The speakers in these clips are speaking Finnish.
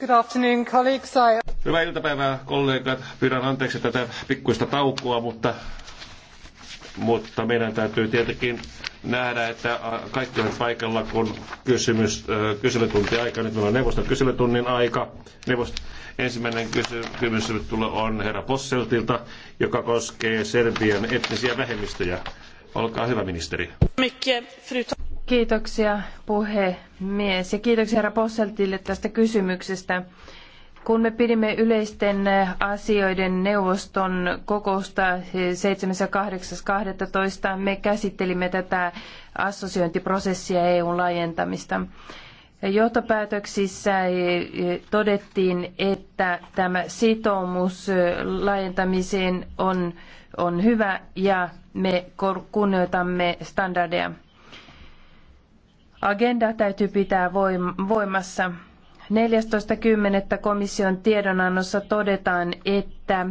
Good afternoon, colleagues. I... Hyvää iltapäivää, kollegat. Pyydän anteeksi tätä pikkuista taukoa, mutta, mutta meidän täytyy tietenkin nähdä, että kaikki ovat paikalla, kun kysymys, kyselytunti aika. Nyt meillä on neuvoston kyselytunnin aika. Neuvost... Ensimmäinen kysymys tulee on herra Posseltilta, joka koskee Serbian etnisiä vähemmistöjä. Olkaa hyvä, ministeri. Kiitoksia puhemies ja kiitoksia herra Posseltille tästä kysymyksestä. Kun me pidimme yleisten asioiden neuvoston kokousta 7.8.12, me käsittelimme tätä assosiointiprosessia EUn laajentamista. Johtopäätöksissä todettiin, että tämä sitoumus laajentamiseen on, on hyvä ja me kunnioitamme standardeja. Agenda täytyy pitää voimassa. 14.10. komission tiedonannossa todetaan, että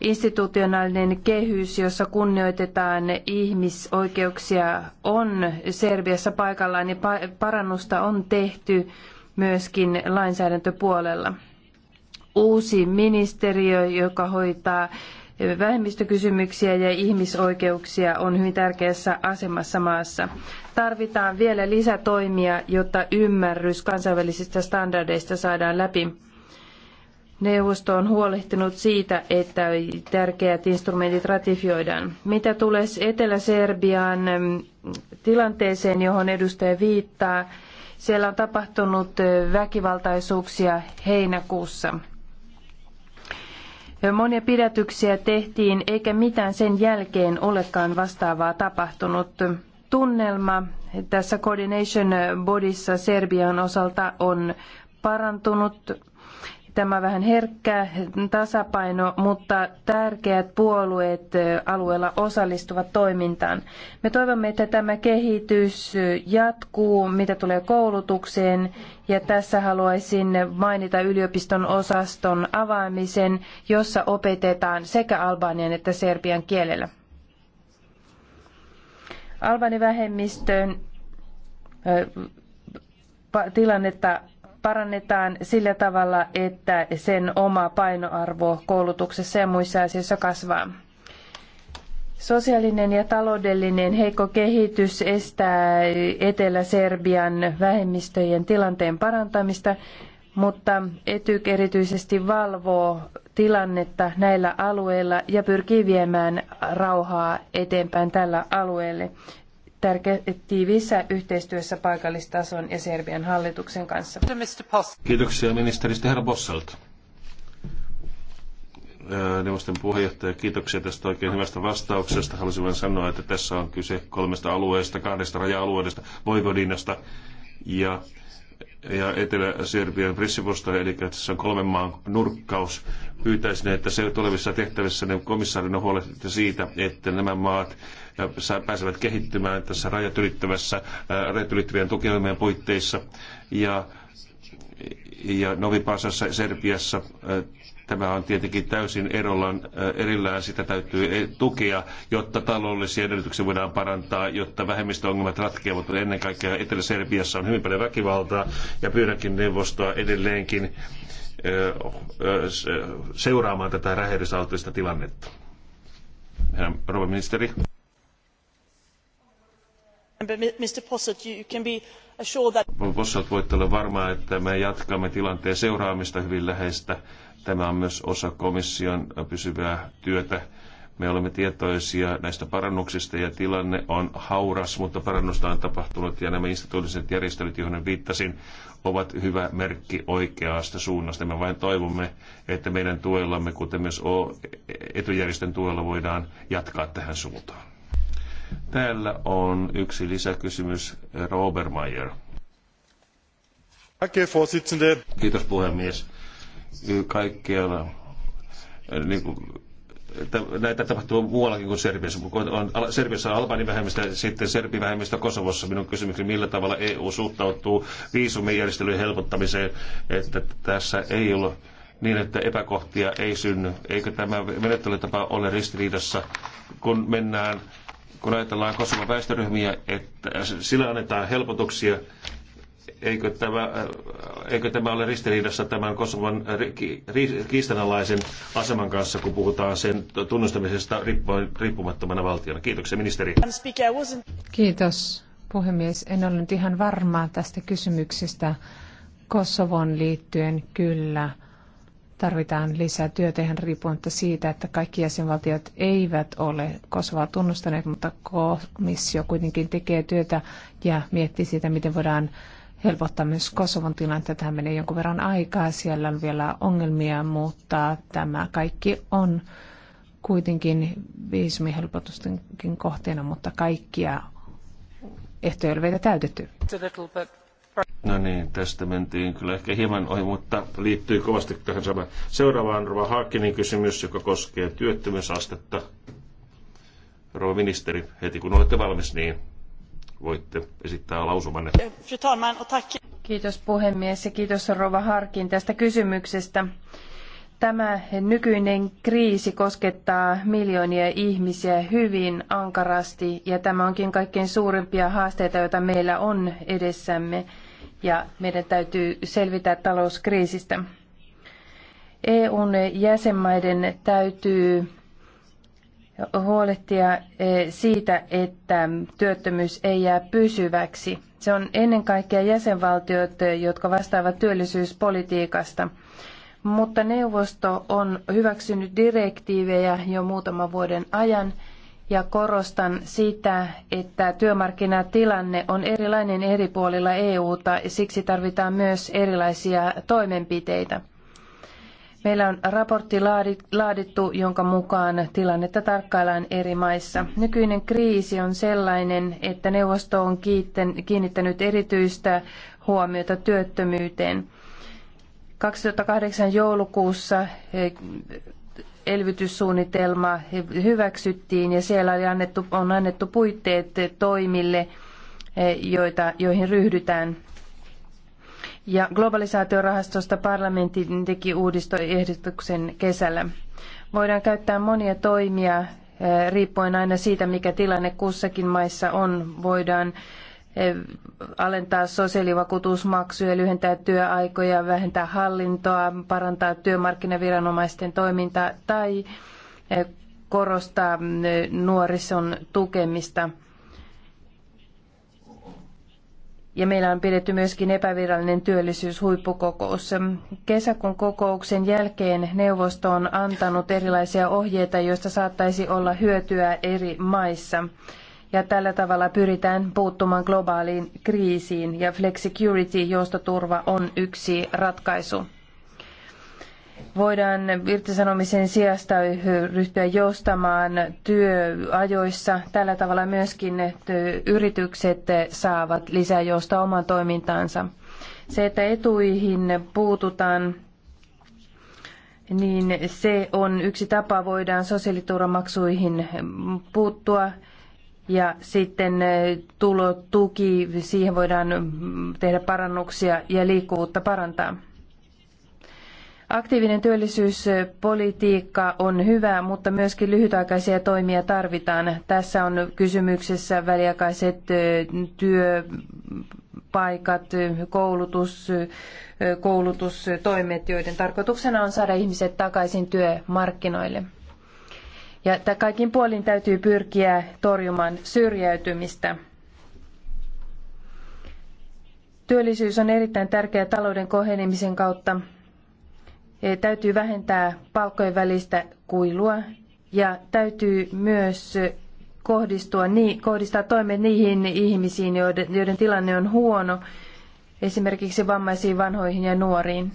institutionaalinen kehys, jossa kunnioitetaan ihmisoikeuksia, on Serbiassa paikallaan ja parannusta on tehty myöskin lainsäädäntöpuolella. Uusi ministeriö, joka hoitaa vähemmistökysymyksiä ja ihmisoikeuksia on hyvin tärkeässä asemassa maassa. Tarvitaan vielä lisätoimia, jotta ymmärrys kansainvälisistä standardeista saadaan läpi. Neuvosto on huolehtinut siitä, että tärkeät instrumentit ratifioidaan. Mitä tulee Etelä-Serbian mm, tilanteeseen, johon edustaja viittaa, siellä on tapahtunut väkivaltaisuuksia heinäkuussa. Monia pidätyksiä tehtiin, eikä mitään sen jälkeen olekaan vastaavaa tapahtunut. Tunnelma tässä Coordination bodissa Serbian osalta on parantunut Tämä on vähän herkkä tasapaino, mutta tärkeät puolueet alueella osallistuvat toimintaan. Me toivomme, että tämä kehitys jatkuu, mitä tulee koulutukseen, ja tässä haluaisin mainita yliopiston osaston avaamisen, jossa opetetaan sekä albanian että serbian kielellä. Albanivähemmistön tilannetta parannetaan sillä tavalla, että sen oma painoarvo koulutuksessa ja muissa asioissa kasvaa. Sosiaalinen ja taloudellinen heikko kehitys estää Etelä-Serbian vähemmistöjen tilanteen parantamista, mutta ETYK erityisesti valvoo tilannetta näillä alueilla ja pyrkii viemään rauhaa eteenpäin tällä alueelle, tärkeä tiiviissä yhteistyössä paikallistason ja Serbian hallituksen kanssa. Kiitoksia ministeri herra Bosselt. Neuvoston puheenjohtaja, kiitoksia tästä oikein hyvästä vastauksesta. Haluaisin vain sanoa, että tässä on kyse kolmesta alueesta, kahdesta raja-alueesta, Voivodinasta ja ja Etelä-Serbian Pressivosta, eli tässä on kolmen maan nurkkaus. Pyytäisin, että se tulevissa tehtävissä ne komissaarina huolehditte siitä, että nämä maat äh, pääsevät kehittymään tässä rajat, ylittävässä, äh, rajat ylittävien tukiohjelmien puitteissa. Ja, ja Novi Pasassa, Serbiassa äh, Tämä on tietenkin täysin erollaan, äh, erillään, sitä täytyy eh, tukea, jotta taloudellisia edellytyksiä voidaan parantaa, jotta vähemmistöongelmat ratkeavat. Ennen kaikkea Etelä-Serbiassa on hyvin paljon väkivaltaa ja pyydänkin neuvostoa edelleenkin eh, eh, seuraamaan tätä räjähdysautoista tilannetta. Rouva ministeri. Mr. Posselt, you can be assured that... voitte olla varma, että me jatkamme tilanteen seuraamista hyvin läheistä Tämä on myös osa komission pysyvää työtä. Me olemme tietoisia näistä parannuksista ja tilanne on hauras, mutta parannusta on tapahtunut ja nämä instituutiset järjestelyt, joihin viittasin, ovat hyvä merkki oikeasta suunnasta. Me vain toivomme, että meidän tuellamme, kuten myös etujärjestön tuella, voidaan jatkaa tähän suuntaan. Täällä on yksi lisäkysymys, Robert Mayer. Kiitos puhemies kaikkialla niin kuin, näitä tapahtuu muuallakin kuin Serbiassa. On, Serbiassa on albanin vähemmistö, sitten vähemmistö Kosovossa. Minun kysymykseni, millä tavalla EU suhtautuu viisumijärjestelyjen helpottamiseen, että tässä ei ole niin, että epäkohtia ei synny. Eikö tämä menettelytapa ole ristiriidassa, kun mennään kun ajatellaan Kosovan väestöryhmiä, että sillä annetaan helpotuksia Eikö tämä, äh, eikö tämä ole ristiriidassa tämän Kosovon kiistanalaisen aseman kanssa, kun puhutaan sen tunnustamisesta riippumattomana valtiona? Kiitoksia, ministeri. Kiitos, puhemies. En ole nyt ihan varma tästä kysymyksestä Kosovon liittyen. Kyllä, tarvitaan lisää työtä ihan riippumatta siitä, että kaikki jäsenvaltiot eivät ole Kosovaa tunnustaneet, mutta komissio kuitenkin tekee työtä ja miettii siitä, miten voidaan helpottaa myös Kosovon tilannetta. Tähän menee jonkun verran aikaa, siellä on vielä ongelmia, mutta tämä kaikki on kuitenkin viisumihelpotustenkin kohteena, mutta kaikkia ehtoja ei ole vielä täytetty. No niin, tästä mentiin kyllä ehkä hieman ohi, mutta liittyy kovasti tähän samaan. Seuraavaan Rova Haakkinin kysymys, joka koskee työttömyysastetta. Rova ministeri, heti kun olette valmis, niin voitte esittää lausumanne. Kiitos puhemies ja kiitos Rova Harkin tästä kysymyksestä. Tämä nykyinen kriisi koskettaa miljoonia ihmisiä hyvin ankarasti ja tämä onkin kaikkein suurimpia haasteita, joita meillä on edessämme ja meidän täytyy selvitä talouskriisistä. EUn jäsenmaiden täytyy huolehtia eh, siitä, että työttömyys ei jää pysyväksi. Se on ennen kaikkea jäsenvaltiot, eh, jotka vastaavat työllisyyspolitiikasta. Mutta neuvosto on hyväksynyt direktiivejä jo muutaman vuoden ajan ja korostan sitä, että työmarkkinatilanne on erilainen eri puolilla EUta ja siksi tarvitaan myös erilaisia toimenpiteitä. Meillä on raportti laadittu, jonka mukaan tilannetta tarkkaillaan eri maissa. Nykyinen kriisi on sellainen, että neuvosto on kiinnittänyt erityistä huomiota työttömyyteen. 2008 joulukuussa elvytyssuunnitelma hyväksyttiin ja siellä oli annettu, on annettu puitteet toimille, joita, joihin ryhdytään ja globalisaatiorahastosta parlamentti teki uudistoehdotuksen kesällä. Voidaan käyttää monia toimia eh, riippuen aina siitä, mikä tilanne kussakin maissa on. Voidaan eh, alentaa sosiaalivakuutusmaksuja, lyhentää työaikoja, vähentää hallintoa, parantaa työmarkkinaviranomaisten toimintaa tai eh, korostaa nuorison tukemista – ja meillä on pidetty myöskin epävirallinen työllisyyshuippukokous. Kesäkuun kokouksen jälkeen neuvosto on antanut erilaisia ohjeita, joista saattaisi olla hyötyä eri maissa. Ja tällä tavalla pyritään puuttumaan globaaliin kriisiin ja flexicurity, joustoturva, on yksi ratkaisu voidaan irtisanomisen sijasta ryhtyä joustamaan työajoissa. Tällä tavalla myöskin yritykset saavat lisää jousta oman toimintaansa. Se, että etuihin puututaan, niin se on yksi tapa, voidaan sosiaaliturvamaksuihin puuttua. Ja sitten tulotuki, siihen voidaan tehdä parannuksia ja liikkuvuutta parantaa. Aktiivinen työllisyyspolitiikka on hyvä, mutta myöskin lyhytaikaisia toimia tarvitaan. Tässä on kysymyksessä väliaikaiset työpaikat, koulutus, koulutustoimet, joiden tarkoituksena on saada ihmiset takaisin työmarkkinoille. Ja kaikin puolin täytyy pyrkiä torjumaan syrjäytymistä. Työllisyys on erittäin tärkeä talouden kohenemisen kautta Eh, täytyy vähentää palkkojen välistä kuilua ja täytyy myös eh, kohdistua, niin, kohdistaa toimet niihin ihmisiin, joiden, joiden tilanne on huono, esimerkiksi vammaisiin, vanhoihin ja nuoriin.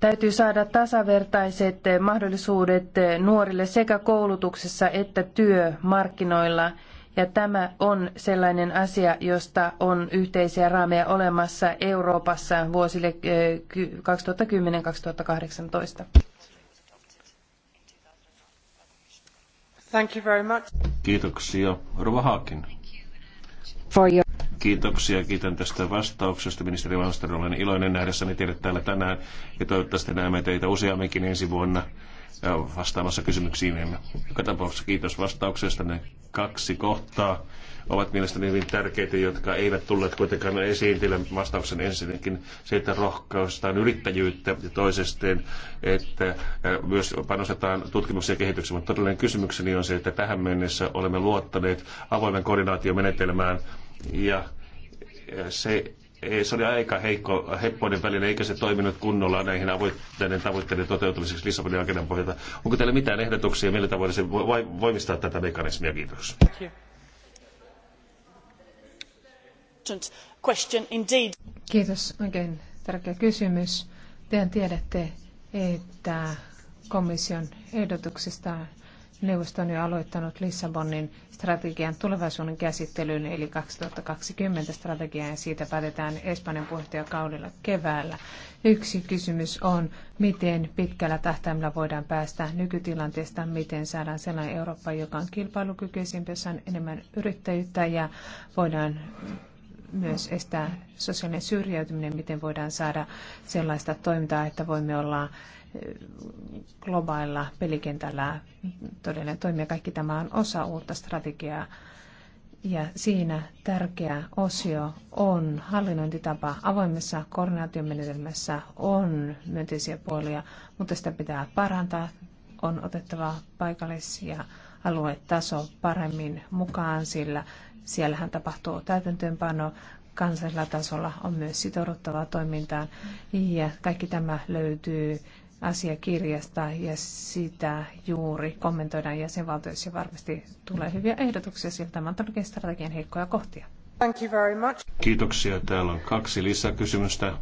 Täytyy saada tasavertaiset eh, mahdollisuudet nuorille sekä koulutuksessa että työmarkkinoilla. Ja tämä on sellainen asia, josta on yhteisiä raameja olemassa Euroopassa vuosille 2010-2018. Thank you very much. Kiitoksia. Rova Haakin. your... Kiitoksia, kiitän tästä vastauksesta. Ministeri Valmström, olen iloinen nähdessäni teidät täällä tänään ja toivottavasti näemme teitä useamminkin ensi vuonna vastaamassa kysymyksiin. Joka tapauksessa kiitos vastauksesta. Ne kaksi kohtaa ovat mielestäni hyvin tärkeitä, jotka eivät tulleet kuitenkaan esiin teille vastauksen ensinnäkin se, että rohkaustaan yrittäjyyttä ja toisesteen, että myös panostetaan tutkimukseen ja kehitykseen. Mutta todellinen kysymykseni on se, että tähän mennessä olemme luottaneet avoimen koordinaatiomenetelmään ja se se oli aika heikko, heppoinen väline, eikä se toiminut kunnolla näihin avoitteiden tavoitteiden toteutumiseksi Lissabonin agendan pohjalta. Onko teillä mitään ehdotuksia, millä tavoin se voimistaa tätä mekanismia? Kiitos. Kiitos. Oikein tärkeä kysymys. Tehän tiedätte, että komission ehdotuksista? Neuvosto on jo aloittanut Lissabonin strategian tulevaisuuden käsittelyn, eli 2020 strategiaa, ja siitä päätetään Espanjan puheenjohtajakaudella keväällä. Yksi kysymys on, miten pitkällä tähtäimellä voidaan päästä nykytilanteesta, miten saadaan sellainen Eurooppa, joka on kilpailukykyisempi, jossa on enemmän yrittäjyyttä ja voidaan myös estää sosiaalinen syrjäytyminen, miten voidaan saada sellaista toimintaa, että voimme olla eh, globaalilla pelikentällä todellinen toimija. Kaikki tämä on osa uutta strategiaa. Ja siinä tärkeä osio on hallinnointitapa. Avoimessa koordinaatiomenetelmässä on myönteisiä puolia, mutta sitä pitää parantaa. On otettava paikallis- ja aluetaso paremmin mukaan, sillä Siellähän tapahtuu täytäntöönpano, kansallisella tasolla on myös sitouduttavaa toimintaan ja kaikki tämä löytyy asiakirjasta ja sitä juuri kommentoidaan jäsenvaltioissa ja varmasti tulee hyviä ehdotuksia siltä tämän strategian heikkoja kohtia. Thank you very much. Kiitoksia. Täällä on kaksi lisäkysymystä.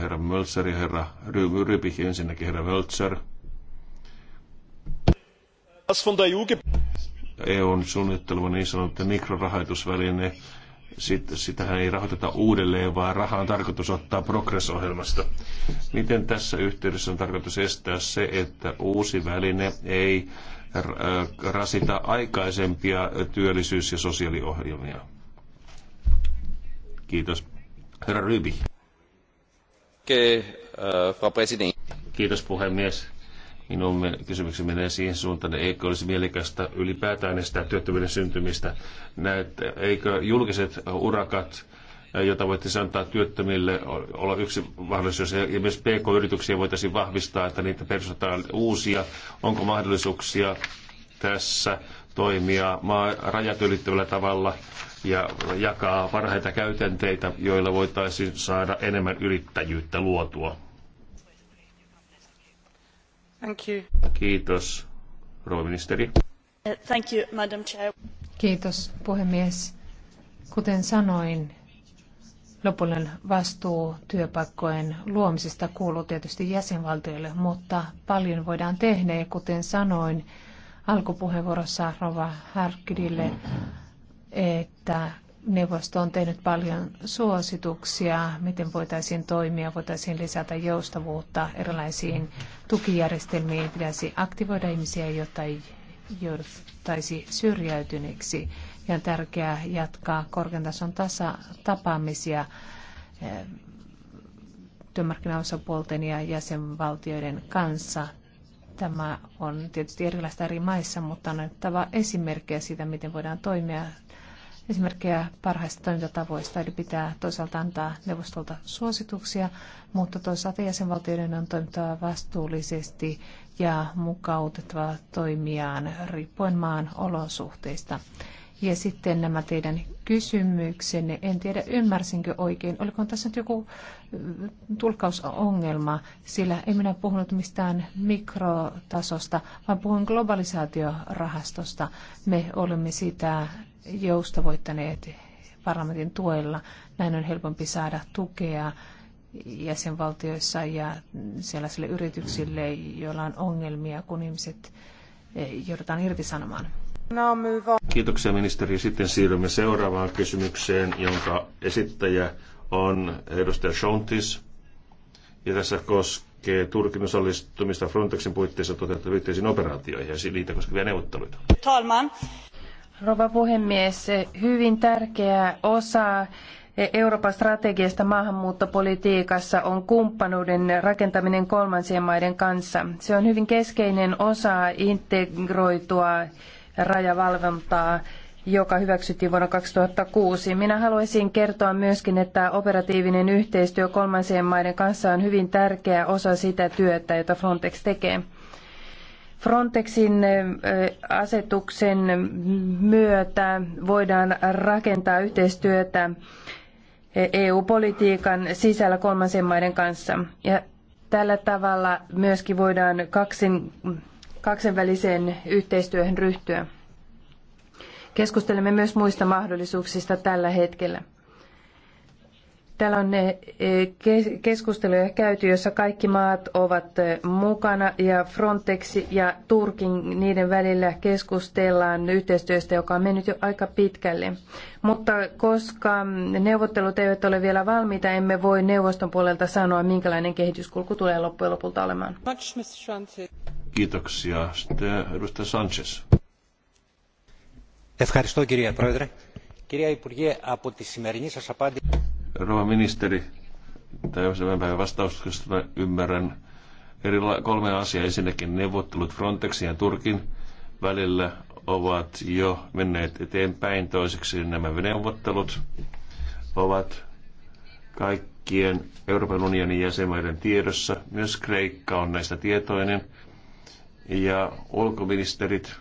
Herra Mölzer ja herra Rybich, ensinnäkin herra Mölzer. EUn suunnittelema niin sanottu mikrorahoitusväline, sit, sitähän ei rahoiteta uudelleen, vaan raha on tarkoitus ottaa progressohjelmasta. Miten tässä yhteydessä on tarkoitus estää se, että uusi väline ei äh, rasita aikaisempia työllisyys- ja sosiaaliohjelmia? Kiitos. Herra Ryby. Kiitos äh, puhemies Minun kysymykseni menee siihen suuntaan, että eikö olisi mielekästä ylipäätään estää työttömyyden syntymistä. Näet, eikö julkiset urakat, jota voitaisiin antaa työttömille, olla yksi mahdollisuus. Ja myös PK-yrityksiä voitaisiin vahvistaa, että niitä perustetaan uusia. Onko mahdollisuuksia tässä toimia maa, rajat ylittävällä tavalla ja jakaa parhaita käytänteitä, joilla voitaisiin saada enemmän yrittäjyyttä luotua? Kiitos, rouva ministeri. Thank you, Madam Chair. Kiitos, puhemies. Kuten sanoin, lopullinen vastuu työpaikkojen luomisesta kuuluu tietysti jäsenvaltioille, mutta paljon voidaan tehdä ja kuten sanoin alkupuheenvuorossa rouva Härkidille, että neuvosto on tehnyt paljon suosituksia, miten voitaisiin toimia, voitaisiin lisätä joustavuutta erilaisiin tukijärjestelmiin, pitäisi aktivoida ihmisiä, jotta ei jouduttaisi syrjäytyneeksi. Ja on tärkeää jatkaa korkean tason tasa- tapaamisia eh, työmarkkinaosapuolten ja jäsenvaltioiden kanssa. Tämä on tietysti erilaista eri maissa, mutta on annettava esimerkkejä siitä, miten voidaan toimia esimerkkejä parhaista toimintatavoista, eli pitää toisaalta antaa neuvostolta suosituksia, mutta toisaalta jäsenvaltioiden on toimittava vastuullisesti ja mukautettava toimiaan riippuen maan olosuhteista. Ja sitten nämä teidän kysymyksenne, en tiedä ymmärsinkö oikein, oliko tässä nyt joku tulkausongelma, sillä en minä puhunut mistään mikrotasosta, vaan puhun globalisaatiorahastosta. Me olemme sitä joustavoittaneet parlamentin tuella. Näin on helpompi saada tukea jäsenvaltioissa ja sellaisille yrityksille, joilla on ongelmia, kun ihmiset eh, joudutaan irtisanomaan. No, Kiitoksia ministeri. Sitten siirrymme seuraavaan kysymykseen, jonka esittäjä on edustaja Shontis. Ja tässä koskee Turkin osallistumista Frontexin puitteissa toteutettaviin yhteisiin operaatioihin ja niitä koskevia neuvotteluita. Talman. Rova puhemies, hyvin tärkeä osa Euroopan strategiasta maahanmuuttopolitiikassa on kumppanuuden rakentaminen kolmansien maiden kanssa. Se on hyvin keskeinen osa integroitua rajavalvontaa joka hyväksyttiin vuonna 2006. Minä haluaisin kertoa myöskin, että operatiivinen yhteistyö kolmansien maiden kanssa on hyvin tärkeä osa sitä työtä, jota Frontex tekee. Frontexin asetuksen myötä voidaan rakentaa yhteistyötä EU-politiikan sisällä kolmansien maiden kanssa. Ja tällä tavalla myöskin voidaan kaksin, kaksenväliseen yhteistyöhön ryhtyä. Keskustelemme myös muista mahdollisuuksista tällä hetkellä. Täällä on ne eh, keskusteluja käyty, joissa kaikki maat ovat eh, mukana ja Frontex ja Turkin niiden välillä keskustellaan yhteistyöstä, joka on mennyt jo aika pitkälle. Mutta koska neuvottelut eivät ole vielä valmiita, emme voi neuvoston puolelta sanoa, minkälainen kehityskulku tulee loppujen lopulta olemaan. Kiitoksia. Sitten edustaja Sanchez. Ευχαριστώ κυρία Πρόεδρε. Κυρία Υπουργέ, από τη σημερινή σας απάντηση rouva ministeri, tämän päivän vastauksesta ymmärrän eri kolme asiaa. Ensinnäkin neuvottelut Frontexin ja Turkin välillä ovat jo menneet eteenpäin. Toiseksi nämä neuvottelut ovat kaikkien Euroopan unionin jäsenmaiden tiedossa. Myös Kreikka on näistä tietoinen. Ja ulkoministerit,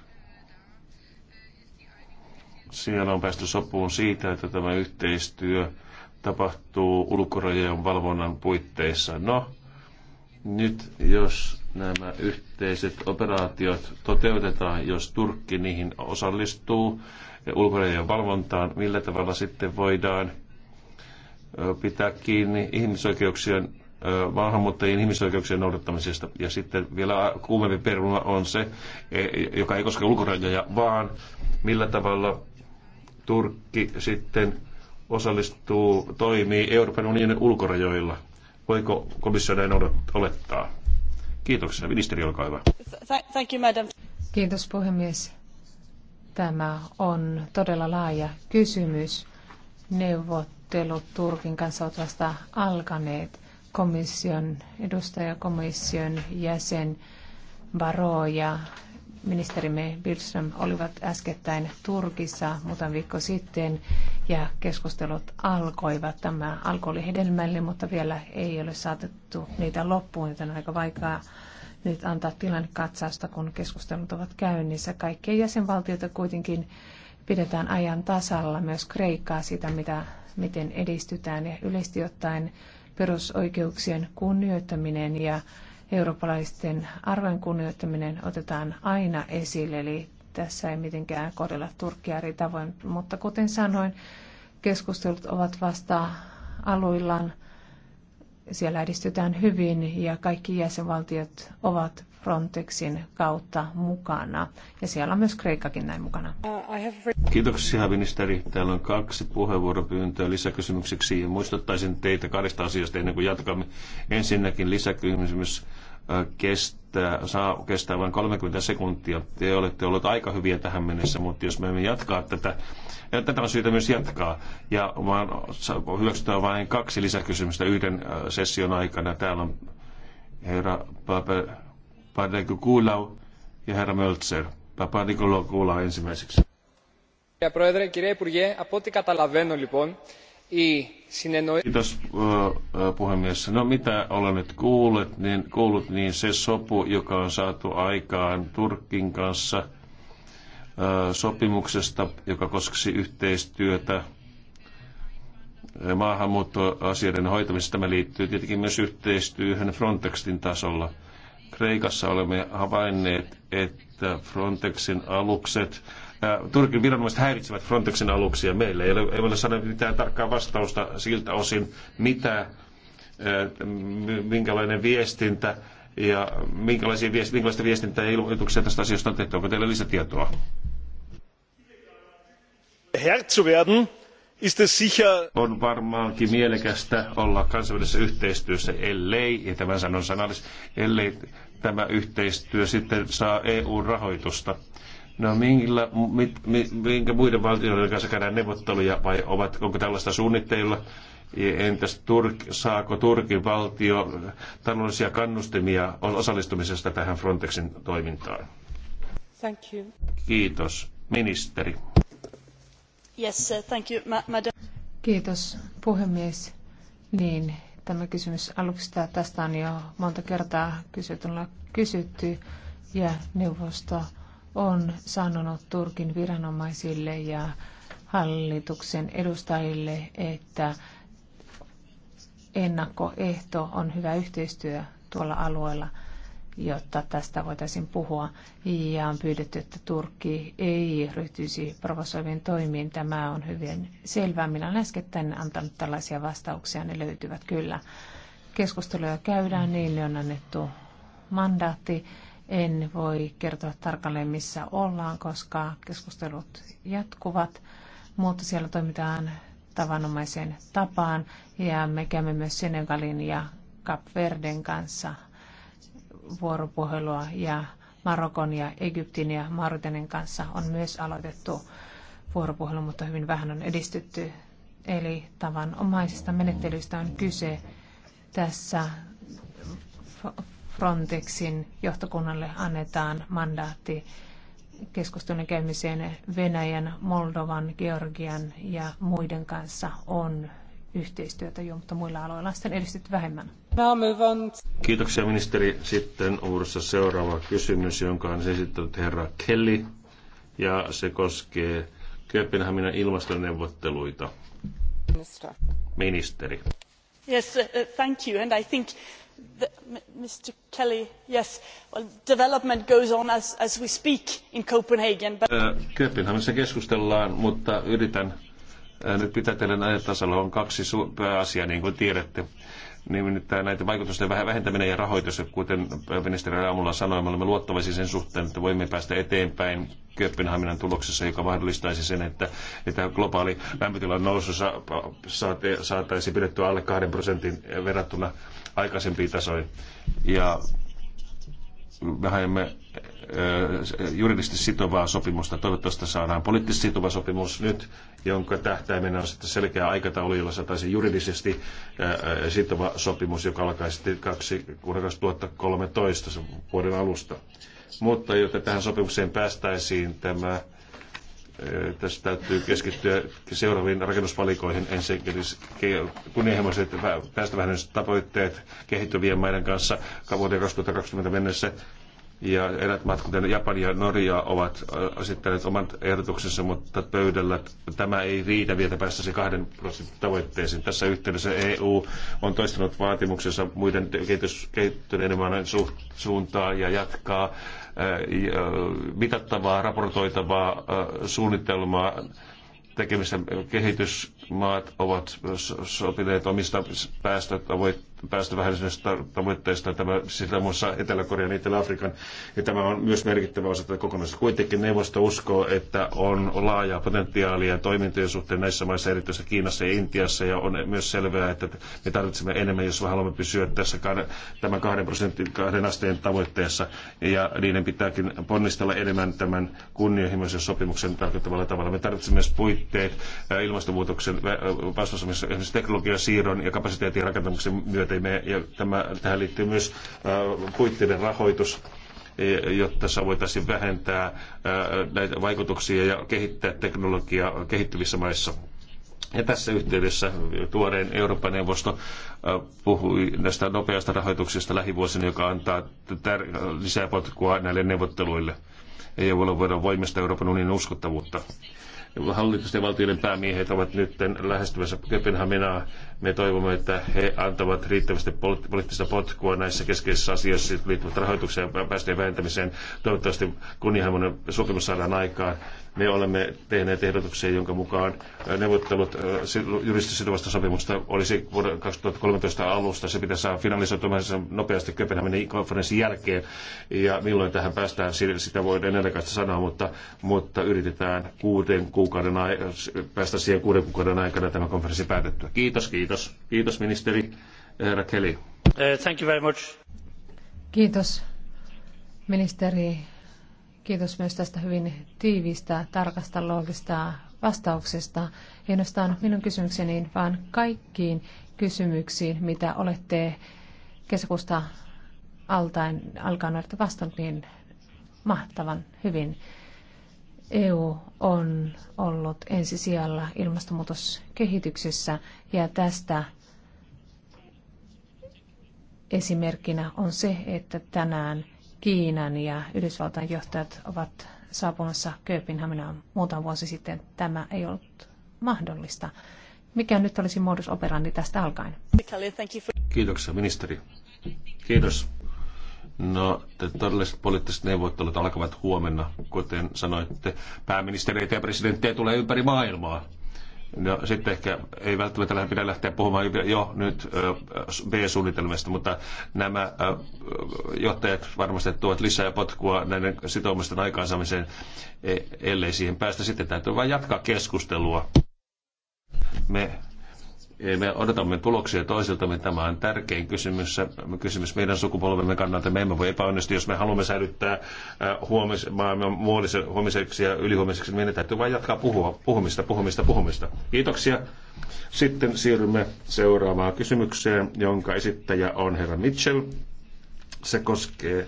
siellä on päästy sopuun siitä, että tämä yhteistyö tapahtuu ulkorajojen valvonnan puitteissa. No, nyt jos nämä yhteiset operaatiot toteutetaan, jos Turkki niihin osallistuu ulkorajojen valvontaan, millä tavalla sitten voidaan pitää kiinni ihmisoikeuksien maahanmuuttajien ihmisoikeuksien noudattamisesta. Ja sitten vielä kuumempi peruna on se, e, joka ei koske ulkorajoja, vaan millä tavalla Turkki sitten osallistuu, toimii Euroopan unionin ulkorajoilla. Voiko komissio näin olettaa? Kiitoksia. Ministeri, olkaa hyvä. Thank you, madam. Kiitos puhemies. Tämä on todella laaja kysymys. Neuvottelut Turkin kanssa ovat vasta alkaneet. Komission edustaja, komission jäsen, varoja ministerimme Billström olivat äskettäin Turkissa muutama viikko sitten ja keskustelut alkoivat. Tämä alkoi hedelmälle, mutta vielä ei ole saatettu niitä loppuun, joten on aika vaikea nyt antaa tilannekatsausta, kun keskustelut ovat käynnissä. Kaikkia jäsenvaltioita kuitenkin pidetään ajan tasalla, myös Kreikkaa sitä, mitä, miten edistytään ja yleisesti ottaen perusoikeuksien kunnioittaminen ja eurooppalaisten arvojen kunnioittaminen otetaan aina esille, eli tässä ei mitenkään kohdella Turkkia eri tavoin, mutta kuten sanoin, keskustelut ovat vasta aluillaan. Siellä edistytään hyvin ja kaikki jäsenvaltiot ovat Frontexin kautta mukana. Ja siellä on myös Kreikkakin näin mukana. Uh, Kiitoksia ministeri. Täällä on kaksi puheenvuoropyyntöä lisäkysymyksiksi. muistuttaisin teitä kahdesta asiasta ennen kuin jatkamme. Ensinnäkin lisäkysymys uh, kestää, saa kestää vain 30 sekuntia. Te olette olleet aika hyviä tähän mennessä, mutta jos me emme jatkaa tätä, ja tätä on syytä myös jatkaa, ja vaan, hyväksytään vain kaksi lisäkysymystä yhden uh, session aikana. Täällä on herra Paper. Padeko Kuulau ja herra Möltser. Papa Nikolo Kuulau ensimmäiseksi. Κύριε Πρόεδρε, κύριε Υπουργέ, από ό,τι καταλαβαίνω λοιπόν, η συνεννοή... Kiitos puhemies. No mitä olen nyt kuullut, niin, kuullut, niin se sopu, joka on saatu aikaan Turkin kanssa sopimuksesta, joka koskisi yhteistyötä maahanmuuttoasioiden hoitamisesta, Tämä liittyy tietenkin myös yhteistyöhön Frontexin tasolla – Kreikassa olemme havainneet, että Frontexin alukset, ää, äh, Turkin viranomaiset häiritsevät Frontexin aluksia. Meillä ei ole, ei ole saanut mitään tarkkaa vastausta siltä osin, mitä, ää, äh, minkälainen viestintä ja minkälaisia viest, minkälaista viestintää ja ilmoituksia tästä asiasta on tehty. Onko teillä lisätietoa? Herr zu werden, on varmaankin mielekästä olla kansainvälisessä yhteistyössä, ellei, ja tämän sanon sanallis, ellei tämä yhteistyö sitten saa EU-rahoitusta. No millä, mit, mit, minkä muiden valtioiden kanssa käydään neuvotteluja vai ovat, onko tällaista suunnitteilla? Entäs Turk, saako Turkin valtio taloudellisia kannustimia osallistumisesta tähän Frontexin toimintaan? Thank you. Kiitos. Ministeri. Yes, thank you, madam. Kiitos puhemies. Niin, tämä kysymys aluksi Tästä on jo monta kertaa kysytyllä kysytty ja neuvosto on sanonut Turkin viranomaisille ja hallituksen edustajille, että ennakkoehto on hyvä yhteistyö tuolla alueella jotta tästä voitaisiin puhua. Ja on pyydetty, että Turkki ei ryhtyisi provosoiviin toimiin. Tämä on hyvin selvää. Minä olen äskettäin antanut tällaisia vastauksia. Ne löytyvät kyllä. Keskusteluja käydään, niille on annettu mandaatti. En voi kertoa tarkalleen, missä ollaan, koska keskustelut jatkuvat, mutta siellä toimitaan tavanomaiseen tapaan ja me käymme myös Senegalin ja Kapverden kanssa vuoropuhelua ja Marokon ja Egyptin ja Mauritanin kanssa on myös aloitettu vuoropuhelu, mutta hyvin vähän on edistytty. Eli tavanomaisista menettelyistä on kyse tässä Frontexin johtokunnalle annetaan mandaatti keskustelun käymiseen Venäjän, Moldovan, Georgian ja muiden kanssa on yhteistyötä jo, mutta muilla aloilla sitten edistyt vähemmän. Kiitoksia ministeri. Sitten uudessa seuraava kysymys, jonka on esittänyt herra Kelly, ja se koskee Kööpenhaminan ilmastoneuvotteluita. Minister. Ministeri. Yes, uh, uh thank you. And I think the, Mr. Kelly, yes, well, development goes on as, as we speak in Copenhagen. But... Uh, Kööpenhaminassa keskustellaan, mutta yritän nyt pitää teidän ajantasalla on kaksi pääasiaa, niin kuin tiedätte. Nimittäin näitä vaikutusten vähentäminen ja rahoitus, kuten ministeri aamulla sanoi, me olemme luottavaisia sen suhteen, että voimme päästä eteenpäin Kööpenhaminan tuloksessa, joka mahdollistaisi sen, että, että globaali lämpötilan nousu sa, sa, saataisiin pidettyä alle kahden prosentin verrattuna aikaisempiin tasoihin. Ja me haemme juridisesti sitovaa sopimusta. Toivottavasti saadaan poliittisesti sitova sopimus nyt, jonka tähtäimenä on sitten selkeä aikataulu, jolla saataisiin juridisesti sitova sopimus, joka alkaa sitten 2013 vuoden alusta. Mutta jotta tähän sopimukseen päästäisiin, tämä tässä täytyy keskittyä seuraaviin rakennusvalikoihin. Ensinnäkin kunnianhimoiset päästövähennystavoitteet kehittyvien maiden kanssa vuoteen 2020 mennessä ja erät maat, kuten Japani ja Norja, ovat esittäneet oman ehdotuksensa, mutta pöydällä tämä ei riitä vielä päästä se kahden prosentin tavoitteeseen. Tässä yhteydessä EU on toistanut vaatimuksensa muiden kehitys, kehittyneiden maiden su, suuntaan ja jatkaa ää, mitattavaa, raportoitavaa ää, suunnitelmaa tekemistä kehitysmaat ovat sopineet omista päästötavoitteista päästövähennystavoitteista, tämä sillä siis muassa Etelä-Korean ja Etelä-Afrikan, ja tämä on myös merkittävä osa tätä kokonaisuutta. Kuitenkin neuvosto uskoo, että on laajaa potentiaalia toimintojen suhteen näissä maissa, erityisesti Kiinassa ja Intiassa, ja on myös selvää, että me tarvitsemme enemmän, jos me haluamme pysyä tässä tämän kahden prosentin kahden asteen tavoitteessa, ja niiden pitääkin ponnistella enemmän tämän kunnianhimoisen sopimuksen tarkoittavalla tavalla. Me tarvitsemme myös puitteet ilmastonmuutoksen, esimerkiksi teknologiasiirron ja kapasiteetin rakentamisen myötä akateemia ja tämä, tähän liittyy myös äh, puitteiden rahoitus, e, jotta se voitaisiin vähentää äh, näitä vaikutuksia ja kehittää teknologiaa kehittyvissä maissa. Ja tässä yhteydessä tuoreen Euroopan neuvosto äh, puhui näistä nopeasta rahoituksesta lähivuosina, joka antaa lisää potkua näille neuvotteluille. Ei voida voimistaa Euroopan unionin uskottavuutta hallitusten ja valtioiden päämiehet ovat nyt lähestymässä Kööpenhaminaa. Me toivomme, että he antavat riittävästi poliittista potkua näissä keskeisissä asioissa, jotka liittyvät rahoitukseen ja päästöjen vähentämiseen. Toivottavasti kunnianhimoinen sopimus saadaan aikaan. Me olemme tehneet ehdotuksia, jonka mukaan neuvottelut juristisidovasta sopimusta olisi vuoden 2013 alusta. Se pitäisi saada finalisoitumansa nopeasti Kööpenhaminin konferenssin jälkeen. Ja milloin tähän päästään, sitä voidaan ennenkaista sanoa, mutta, mutta yritetään kuuden kuukauden päästä siihen kuuden kuukauden aikana tämä konferenssi päätettyä. Kiitos, kiitos. Kiitos ministeri herra Kelly. Uh, thank you very much. Kiitos ministeri Kiitos myös tästä hyvin tiiviistä, tarkasta, loogista vastauksesta. Hienostaan minun kysymykseni, vaan kaikkiin kysymyksiin, mitä olette kesäkuusta altaen, alkaen olette vastannut niin mahtavan hyvin. EU on ollut ensisijalla ilmastonmuutoskehityksessä ja tästä esimerkkinä on se, että tänään – Kiinan ja Yhdysvaltain johtajat ovat saapumassa Kööpenhaminaan muutama vuosi sitten. Tämä ei ollut mahdollista. Mikä nyt olisi modus operandi tästä alkaen? Kiitoksia ministeri. Kiitos. No, todelliset poliittiset neuvottelut alkavat huomenna, kuten sanoitte. Pääministeriöitä ja presidenttejä tulee ympäri maailmaa. No sitten ehkä ei välttämättä pidä lähteä puhumaan jo nyt B-suunnitelmista, mutta nämä johtajat varmasti tuovat lisää potkua näiden sitoumusten aikaansaamiseen, e- ellei siihen päästä. Sitten täytyy vain jatkaa keskustelua. Me me odotamme tuloksia toisiltamme. Tämä on tärkein kysymys, kysymys meidän sukupolvemme kannalta. Me emme voi epäonnistua, jos me haluamme säilyttää äh, huomis, maailman huomiseksi ja ylihuomiseksi. Meidän täytyy vain jatkaa puhua, puhumista, puhumista, puhumista. Kiitoksia. Sitten siirrymme seuraavaan kysymykseen, jonka esittäjä on herra Mitchell. Se koskee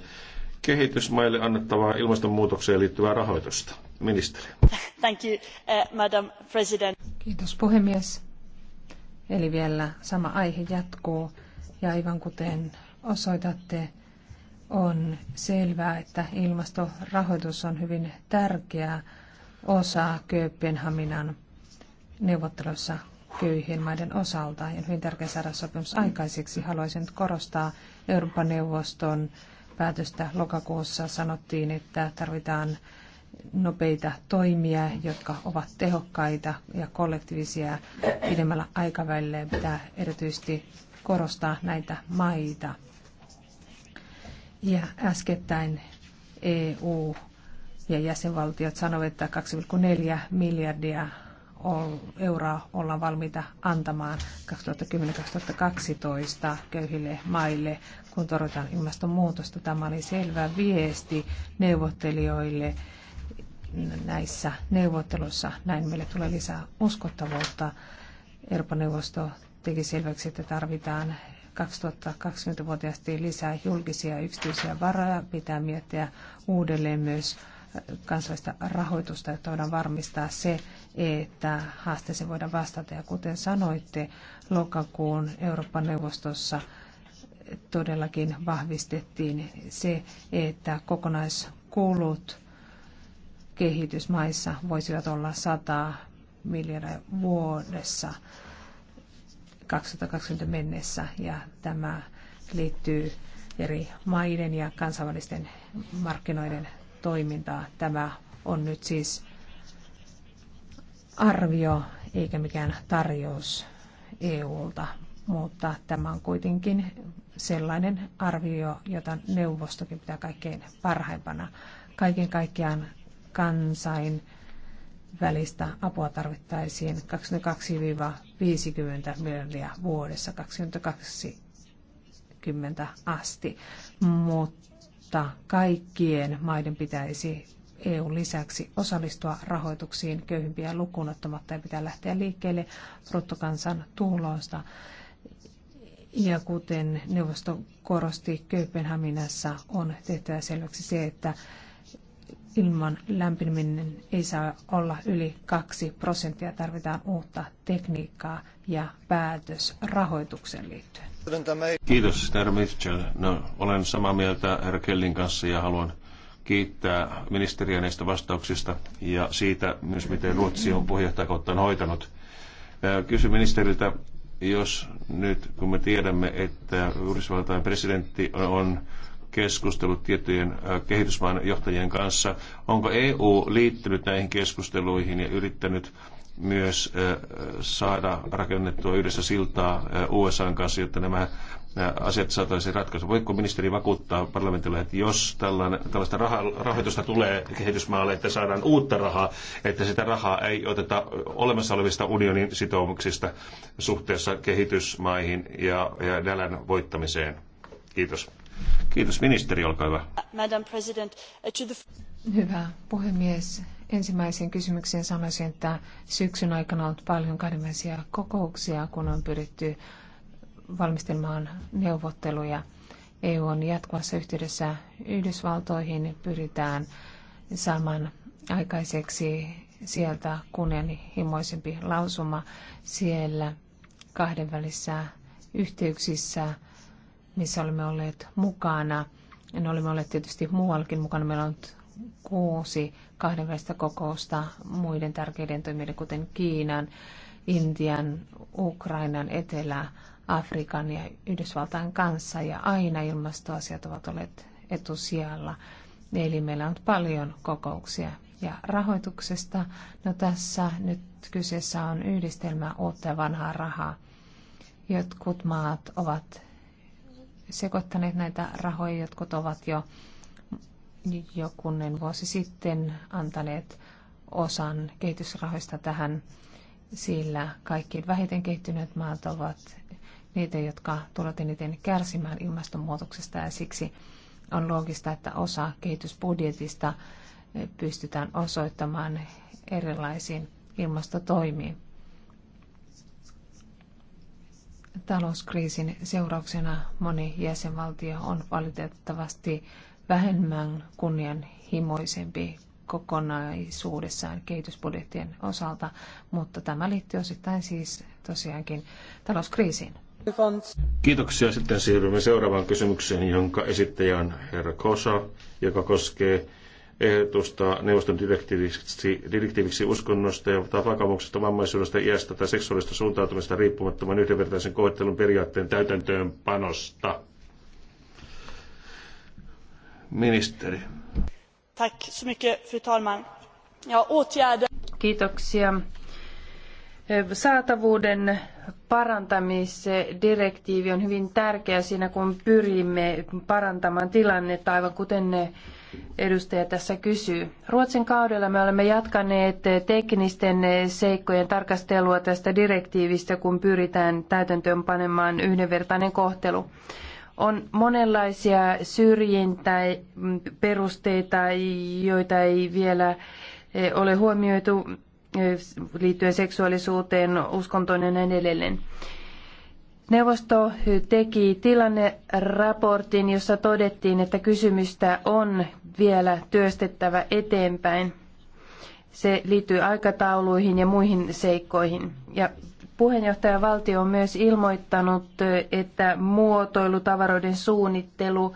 kehitysmaille annettavaa ilmastonmuutokseen liittyvää rahoitusta. Ministeri. Thank you, uh, Madam President. Kiitos puhemies Eli vielä sama aihe jatkuu ja aivan kuten osoitatte, on selvää, että ilmastorahoitus on hyvin tärkeä osa Kööpenhaminan neuvottelussa köyhien maiden osalta. Ja hyvin tärkeä saada sopimus aikaiseksi. Haluaisin korostaa Euroopan neuvoston päätöstä lokakuussa. Sanottiin, että tarvitaan nopeita toimia, jotka ovat tehokkaita ja kollektiivisia pidemmällä aikavälillä pitää erityisesti korostaa näitä maita. Ja äskettäin EU ja jäsenvaltiot sanoivat, että 2,4 miljardia euroa ollaan valmiita antamaan 2010-2012 köyhille maille, kun torjutaan ilmastonmuutosta. Tämä oli selvä viesti neuvottelijoille näissä neuvotteluissa. Näin meille tulee lisää uskottavuutta. Euroopan neuvosto teki selväksi, että tarvitaan 2020-vuotiaasti lisää julkisia ja yksityisiä varoja. Pitää miettiä uudelleen myös kansallista rahoitusta, jotta voidaan varmistaa se, että haasteeseen voidaan vastata. Ja kuten sanoitte, lokakuun Euroopan neuvostossa todellakin vahvistettiin se, että kokonaiskulut kehitysmaissa voisivat olla 100 miljardia vuodessa 2020 mennessä ja tämä liittyy eri maiden ja kansainvälisten markkinoiden toimintaan. Tämä on nyt siis arvio eikä mikään tarjous EUlta, mutta tämä on kuitenkin sellainen arvio, jota neuvostokin pitää kaikkein parhaimpana. Kaiken kaikkiaan kansain välistä apua tarvittaisiin 22-50 miljardia vuodessa 2020 asti, mutta kaikkien maiden pitäisi EUn lisäksi osallistua rahoituksiin köyhimpiä lukuun ottamatta ja pitää lähteä liikkeelle bruttokansan tulosta. Ja kuten neuvosto korosti, Kööpenhaminassa on tehtävä selväksi se, että ilman lämpeneminen ei saa olla yli 2 prosenttia. Tarvitaan uutta tekniikkaa ja päätös rahoitukseen liittyen. Kiitos, herra Mitchell. No, olen samaa mieltä herra Kellin kanssa ja haluan kiittää ministeriä näistä vastauksista ja siitä myös, miten Ruotsi on puheenjohtajakauttaan hoitanut. Kysyn ministeriltä, jos nyt kun me tiedämme, että Yhdysvaltain presidentti on keskustelut tiettyjen kehitysmaan johtajien kanssa. Onko EU liittynyt näihin keskusteluihin ja yrittänyt myös saada rakennettua yhdessä siltaa USAn kanssa, jotta nämä asiat saataisiin ratkaisu Voiko ministeri vakuuttaa parlamentille, että jos tällainen, tällaista raha, rahoitusta tulee kehitysmaalle, että saadaan uutta rahaa, että sitä rahaa ei oteta olemassa olevista unionin sitoumuksista suhteessa kehitysmaihin ja, ja nälän voittamiseen? Kiitos. Kiitos ministeri, olkaa hyvä. Madam President, uh, to the... Hyvä puhemies. Ensimmäiseen kysymykseen sanoisin, että syksyn aikana on ollut paljon kahdenvälisiä kokouksia, kun on pyritty valmistelemaan neuvotteluja. EU on jatkuvassa yhteydessä Yhdysvaltoihin, pyritään saamaan aikaiseksi sieltä kunnianhimoisempi lausuma siellä kahdenvälisissä yhteyksissä – missä olemme olleet mukana. No, olemme olleet tietysti muuallakin mukana. Meillä on kuusi kahdenvälistä kokousta muiden tärkeiden toimijoiden, kuten Kiinan, Intian, Ukrainan, Etelä-Afrikan ja Yhdysvaltain kanssa. Ja aina ilmastoasiat ovat olleet etusijalla. Eli meillä on paljon kokouksia ja rahoituksesta. No tässä nyt kyseessä on yhdistelmä uutta ja vanhaa rahaa. Jotkut maat ovat sekoittaneet näitä rahoja, jotkut ovat jo jokunen vuosi sitten antaneet osan kehitysrahoista tähän, sillä kaikki vähiten kehittyneet maat ovat niitä, jotka tulevat eniten kärsimään ilmastonmuutoksesta ja siksi on loogista, että osa kehitysbudjetista pystytään osoittamaan erilaisiin ilmastotoimiin. Talouskriisin seurauksena moni jäsenvaltio on valitettavasti vähemmän kunnianhimoisempi kokonaisuudessaan kehitysbudjettien osalta, mutta tämä liittyy osittain siis tosiaankin talouskriisiin. Kiitoksia. Sitten siirrymme seuraavaan kysymykseen, jonka esittäjä on herra Kosa, joka koskee ehdotusta neuvoston direktiiviksi, direktiiviksi uskonnosta ja vakaumuksesta, vammaisuudesta, iästä tai seksuaalista suuntautumista riippumattoman yhdenvertaisen kohtelun periaatteen täytäntöönpanosta. Ministeri. Tack så mycket, fru talman. Ja, Kiitoksia. Saatavuuden parantamisdirektiivi on hyvin tärkeä siinä, kun pyrimme parantamaan tilannetta, aivan kuten ne edustaja tässä kysyy. Ruotsin kaudella me olemme jatkaneet teknisten seikkojen tarkastelua tästä direktiivistä, kun pyritään täytäntöön panemaan yhdenvertainen kohtelu. On monenlaisia syrjintäperusteita, joita ei vielä e, ole huomioitu e, liittyen seksuaalisuuteen, uskontoon ja näin edelleen. Neuvosto teki tilanneraportin, jossa todettiin, että kysymystä on vielä työstettävä eteenpäin. Se liittyy aikatauluihin ja muihin seikkoihin. Ja puheenjohtajavaltio on myös ilmoittanut, että muotoilu, tavaroiden suunnittelu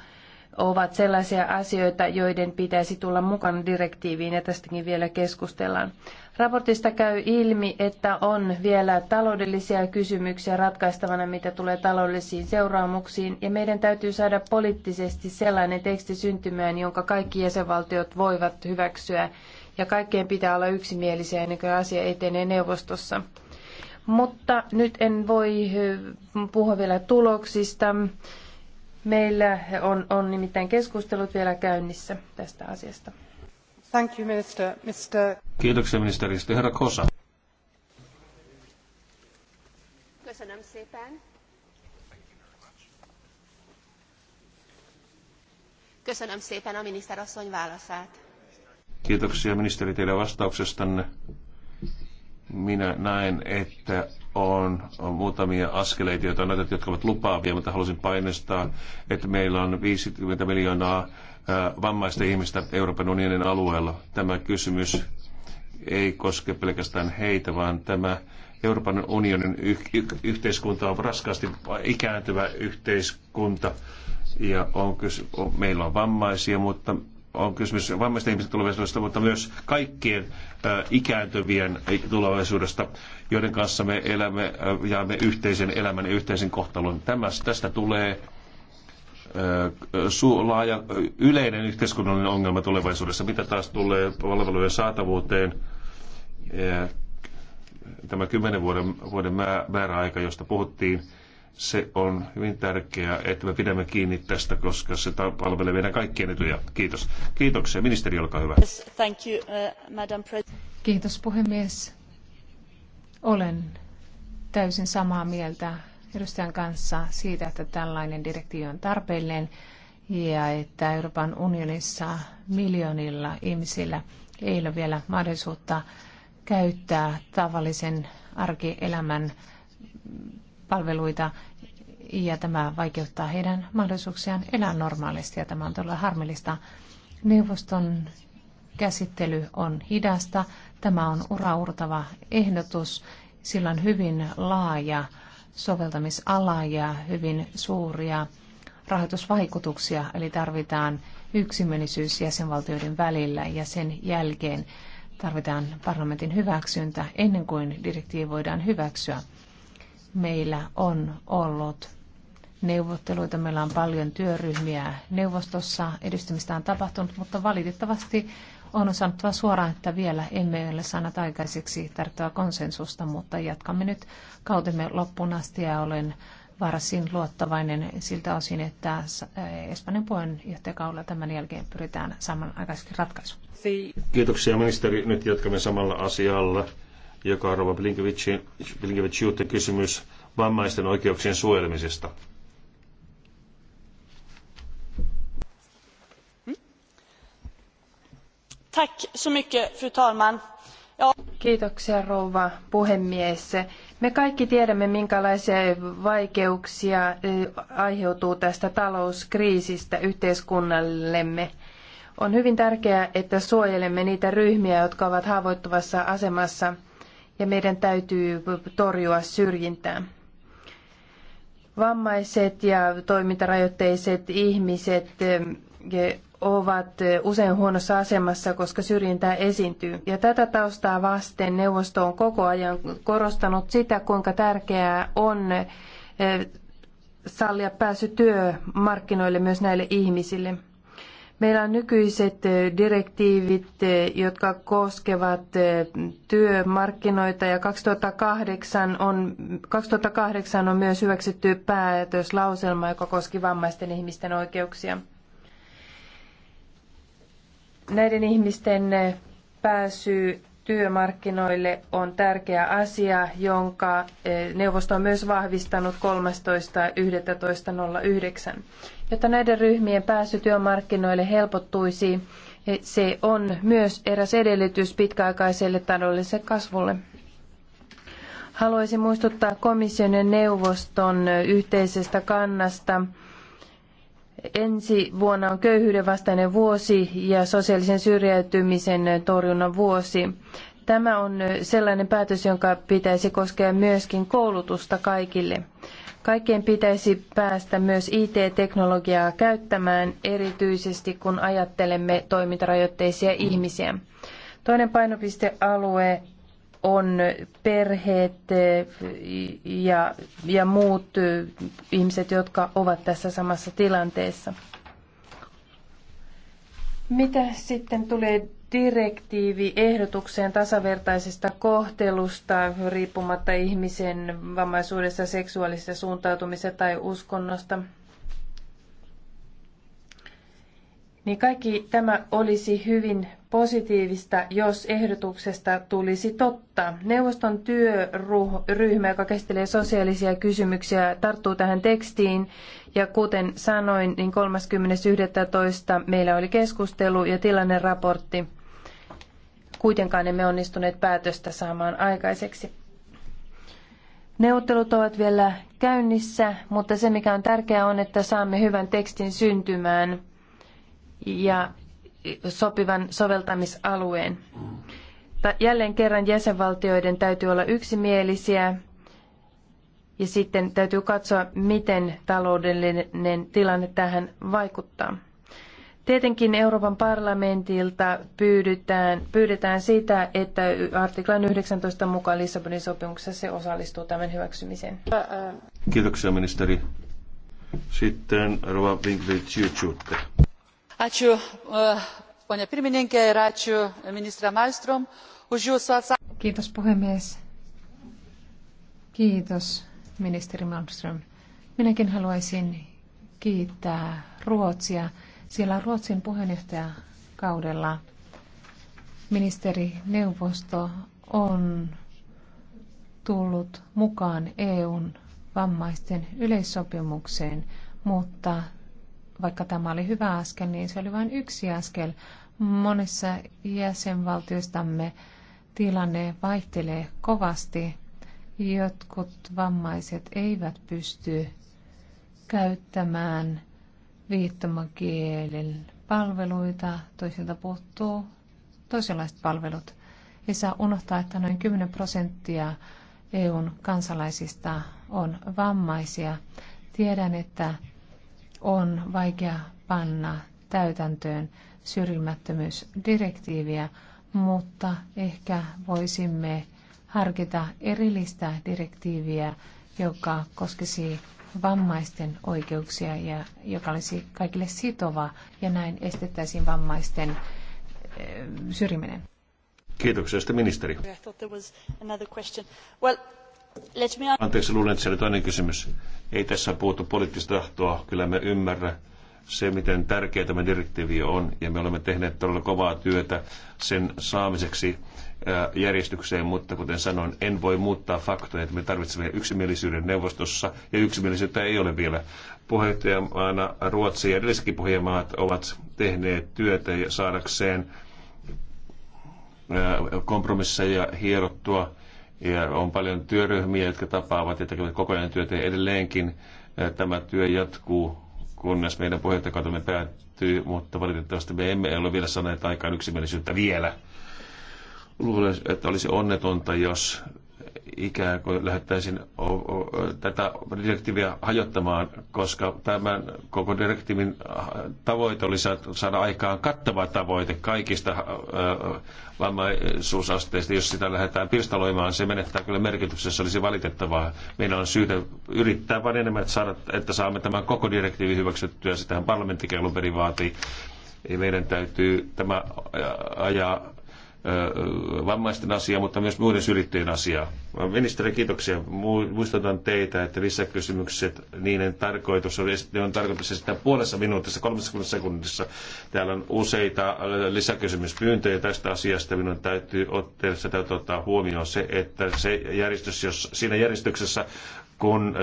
ovat sellaisia asioita, joiden pitäisi tulla mukana direktiiviin ja tästäkin vielä keskustellaan. Raportista käy ilmi, että on vielä taloudellisia kysymyksiä ratkaistavana, mitä tulee taloudellisiin seuraamuksiin, ja meidän täytyy saada poliittisesti sellainen teksti syntymään, jonka kaikki jäsenvaltiot voivat hyväksyä, ja kaikkien pitää olla yksimielisiä ennen kuin asia etenee neuvostossa. Mutta nyt en voi eh, puhua vielä tuloksista. Meillä on, on nimittäin keskustelut vielä käynnissä tästä asiasta. Thank you, minister. Kiitoksia ministeristä. Herra Kosa. Köszönöm szépen. Köszönöm szépen a miniszter válaszát. Kiitoksia ministeri teidän vastauksestanne. Minä näen, että on, muutamia askeleita, joita on otettu, jotka ovat lupaavia, mutta halusin painostaa, että meillä on 50 miljoonaa vammaista ihmistä Euroopan unionin alueella. Tämä kysymys ei koske pelkästään heitä, vaan tämä Euroopan unionin yhteiskunta on raskaasti ikääntyvä yhteiskunta ja on kys- on, meillä on vammaisia, mutta on kysymys vammaisten ihmisten tulevaisuudesta, mutta myös kaikkien ö, ikääntyvien tulevaisuudesta, joiden kanssa me elämme, jaamme yhteisen elämän ja yhteisen kohtalon. Tämä, tästä tulee su- laaja yleinen yhteiskunnallinen ongelma tulevaisuudessa. Mitä taas tulee palvelujen saatavuuteen, tämä kymmenen vuoden, vuoden määräaika, josta puhuttiin, se on hyvin tärkeää, että me pidämme kiinni tästä, koska se palvelee meidän kaikkien etuja. Kiitos. Kiitoksia. Ministeri, olkaa hyvä. thank you, uh, Madam Kiitos puhemies. Olen täysin samaa mieltä edustajan kanssa siitä, että tällainen direktiivi on tarpeellinen ja että Euroopan unionissa miljoonilla ihmisillä ei ole vielä mahdollisuutta käyttää tavallisen arkielämän palveluita ja tämä vaikeuttaa heidän mahdollisuuksiaan elää normaalisti ja tämä on todella harmillista. Neuvoston käsittely on hidasta. Tämä on uraurtava ehdotus. Sillä on hyvin laaja soveltamisalaa ja hyvin suuria rahoitusvaikutuksia, eli tarvitaan yksimielisyys jäsenvaltioiden välillä ja sen jälkeen tarvitaan parlamentin hyväksyntä ennen kuin direktiivi voidaan hyväksyä. Meillä on ollut neuvotteluita, meillä on paljon työryhmiä neuvostossa, edistymistä on tapahtunut, mutta valitettavasti on sanottava suoraan, että vielä emme ole saaneet aikaiseksi tarttua konsensusta, mutta jatkamme nyt kautemme loppuun asti ja olen varsin luottavainen siltä osin, että äh, Espanjan puheenjohtajakaudella tämän jälkeen pyritään saamaan aikaiseksi ratkaisu. Kiitoksia ministeri. Nyt jatkamme samalla asialla, joka on Rova Blinkevicin kysymys vammaisten oikeuksien suojelemisesta. Kiitoksia rouva puhemies. Me kaikki tiedämme, minkälaisia vaikeuksia aiheutuu tästä talouskriisistä yhteiskunnallemme. On hyvin tärkeää, että suojelemme niitä ryhmiä, jotka ovat haavoittuvassa asemassa ja meidän täytyy torjua syrjintää. Vammaiset ja toimintarajoitteiset ihmiset ovat eh, usein huonossa asemassa, koska syrjintää esiintyy. Ja tätä taustaa vasten neuvosto on koko ajan korostanut sitä, kuinka tärkeää on eh, sallia pääsy työmarkkinoille myös näille ihmisille. Meillä on nykyiset eh, direktiivit, jotka koskevat työmarkkinoita ja 2008 on, 2008 on myös hyväksytty päätöslauselma, joka koski vammaisten ihmisten oikeuksia. Näiden ihmisten pääsy työmarkkinoille on tärkeä asia, jonka eh, neuvosto on myös vahvistanut 13.11.09. Jotta näiden ryhmien pääsy työmarkkinoille helpottuisi, eh, se on myös eräs edellytys pitkäaikaiselle taloudelliselle kasvulle. Haluaisin muistuttaa komission ja neuvoston yhteisestä kannasta Ensi vuonna on köyhyyden vastainen vuosi ja sosiaalisen syrjäytymisen torjunnan vuosi. Tämä on sellainen päätös, jonka pitäisi koskea myöskin koulutusta kaikille. Kaikkien pitäisi päästä myös IT-teknologiaa käyttämään, erityisesti kun ajattelemme toimintarajoitteisia ihmisiä. Toinen painopistealue on perheet eh, ja, ja muut eh, ihmiset, jotka ovat tässä samassa tilanteessa. Mitä sitten tulee direktiivi ehdotukseen tasavertaisesta kohtelusta riippumatta ihmisen vammaisuudessa seksuaalisesta suuntautumisesta tai uskonnosta? Niin kaikki tämä olisi hyvin positiivista, jos ehdotuksesta tulisi totta. Neuvoston työryhmä, joka käsittelee sosiaalisia kysymyksiä, tarttuu tähän tekstiin. Ja kuten sanoin, niin 30.11. meillä oli keskustelu ja tilanneraportti. Kuitenkaan emme onnistuneet päätöstä saamaan aikaiseksi. Neuvottelut ovat vielä käynnissä, mutta se mikä on tärkeää on, että saamme hyvän tekstin syntymään. Ja sopivan soveltamisalueen. Jälleen kerran jäsenvaltioiden täytyy olla yksimielisiä ja sitten täytyy katsoa, miten taloudellinen tilanne tähän vaikuttaa. Tietenkin Euroopan parlamentilta pyydetään, pyydetään sitä, että artiklan 19 mukaan Lissabonin sopimuksessa se osallistuu tämän hyväksymiseen. Kiitoksia ministeri. Sitten Rova Winkler Ačiū, e, ponia pirmininkė, ja ačiū ministeri Malmström už jūsų atsakymą. Kiitos puhemies. Kiitos ministeri Malmström. Minäkin haluaisin kiittää Ruotsia. Siellä Ruotsin puheenjohtajakaudella ministerineuvosto on tullut mukaan EUn vammaisten yleissopimukseen, mutta vaikka tämä oli hyvä askel, niin se oli vain yksi askel. Monissa jäsenvaltioistamme tilanne vaihtelee kovasti. Jotkut vammaiset eivät pysty käyttämään viittomakielen palveluita, toisilta puuttuu toisenlaiset palvelut. Ei saa unohtaa, että noin 10 prosenttia EUn kansalaisista on vammaisia. Tiedän, että on vaikea panna täytäntöön syrjimättömyysdirektiiviä, mutta ehkä voisimme harkita erillistä direktiiviä, joka koskisi vammaisten oikeuksia ja joka olisi kaikille sitova ja näin estettäisiin vammaisten eh, syrjiminen. Kiitoksia. Sitten ministeri. Anteeksi, luulen, että se oli toinen kysymys. Ei tässä puhuttu poliittista tahtoa. Kyllä me ymmärrä se, miten tärkeä tämä direktiivi on, ja me olemme tehneet todella kovaa työtä sen saamiseksi järjestykseen, mutta kuten sanoin, en voi muuttaa faktoja, että me tarvitsemme yksimielisyyden neuvostossa, ja yksimielisyyttä ei ole vielä. Puheenjohtajamaana Ruotsi ja edellisetkin puheenjohtajamaat ovat tehneet työtä saadakseen kompromisseja hierottua ja on paljon työryhmiä, jotka tapaavat ja tekevät koko ajan työtä edelleenkin. Eh, tämä työ jatkuu, kunnes meidän puheenjohtajakautemme päättyy, mutta valitettavasti me emme ole vielä saaneet aikaan yksimielisyyttä vielä. Luulen, että olisi onnetonta, jos ikään kuin lähdettäisiin tätä direktiiviä hajottamaan, koska tämän koko direktiivin tavoite oli saada aikaan kattava tavoite kaikista vammaisuusasteista. Jos sitä lähdetään pirstaloimaan, se menettää kyllä merkityksessä, se olisi valitettavaa. Meidän on syytä yrittää vain enemmän, että, saada, että saamme tämän koko direktiivin hyväksyttyä. Sitähän parlamenttikin alun perin vaatii. Meidän täytyy tämä ajaa vammaisten asiaa, mutta myös muiden syrjittyjen asiaa. Ministeri, kiitoksia. Muistutan teitä, että lisäkysymykset, niiden tarkoitus on, ne on tarkoitus esittää puolessa minuutissa, 30 sekunnissa. Täällä on useita äh, lisäkysymyspyyntöjä tästä asiasta. Minun täytyy ottaa, se täytyy ottaa huomioon se, että se järjestys, jos siinä järjestyksessä kun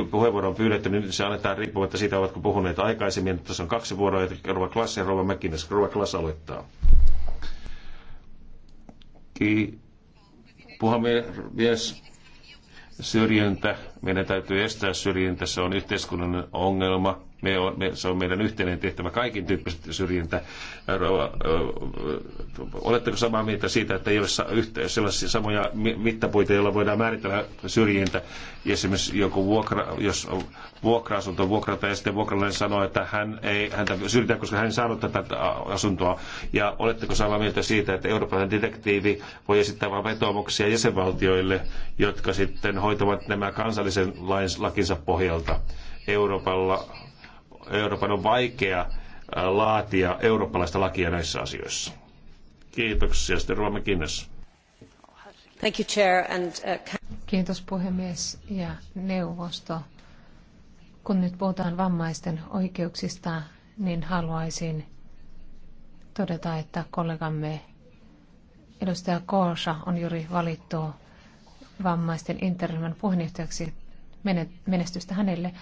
äh, puheenvuoro on pyydetty, niin se annetaan riippumatta siitä, ovatko puhuneet aikaisemmin. Tässä on kaksi vuoroa, että Rova Klass ja Rova Mäkinen. Rova aloittaa. Ki- puhemies, syrjintä, meidän täytyy estää syrjintä, se on yhteiskunnallinen ongelma me on, me, se on meidän yhteinen tehtävä kaikin tyyppiset syrjintä. Oletteko samaa mieltä siitä, että ei ole sellaisia samoja mittapuita, joilla voidaan määritellä syrjintä? Esimerkiksi joku vuokra, jos vuokra-asunto vuokrata ja sitten vuokralainen sanoo, että hän ei häntä syrjitä, koska hän ei saanut tätä asuntoa. Ja oletteko samaa mieltä siitä, että Euroopan direktiivi voi esittää vain vetoomuksia jäsenvaltioille, jotka sitten hoitavat nämä kansallisen lakinsa pohjalta? Euroopalla Euroopan on vaikea laatia eurooppalaista lakia näissä asioissa. Kiitoksia. Sitten Ruomme Thank you, Chair, and, uh... Kiitos puhemies ja neuvosto. Kun nyt puhutaan vammaisten oikeuksista, niin haluaisin todeta, että kollegamme edustaja Koosa on juuri valittu vammaisten interryhmän puheenjohtajaksi menestystä hänelle.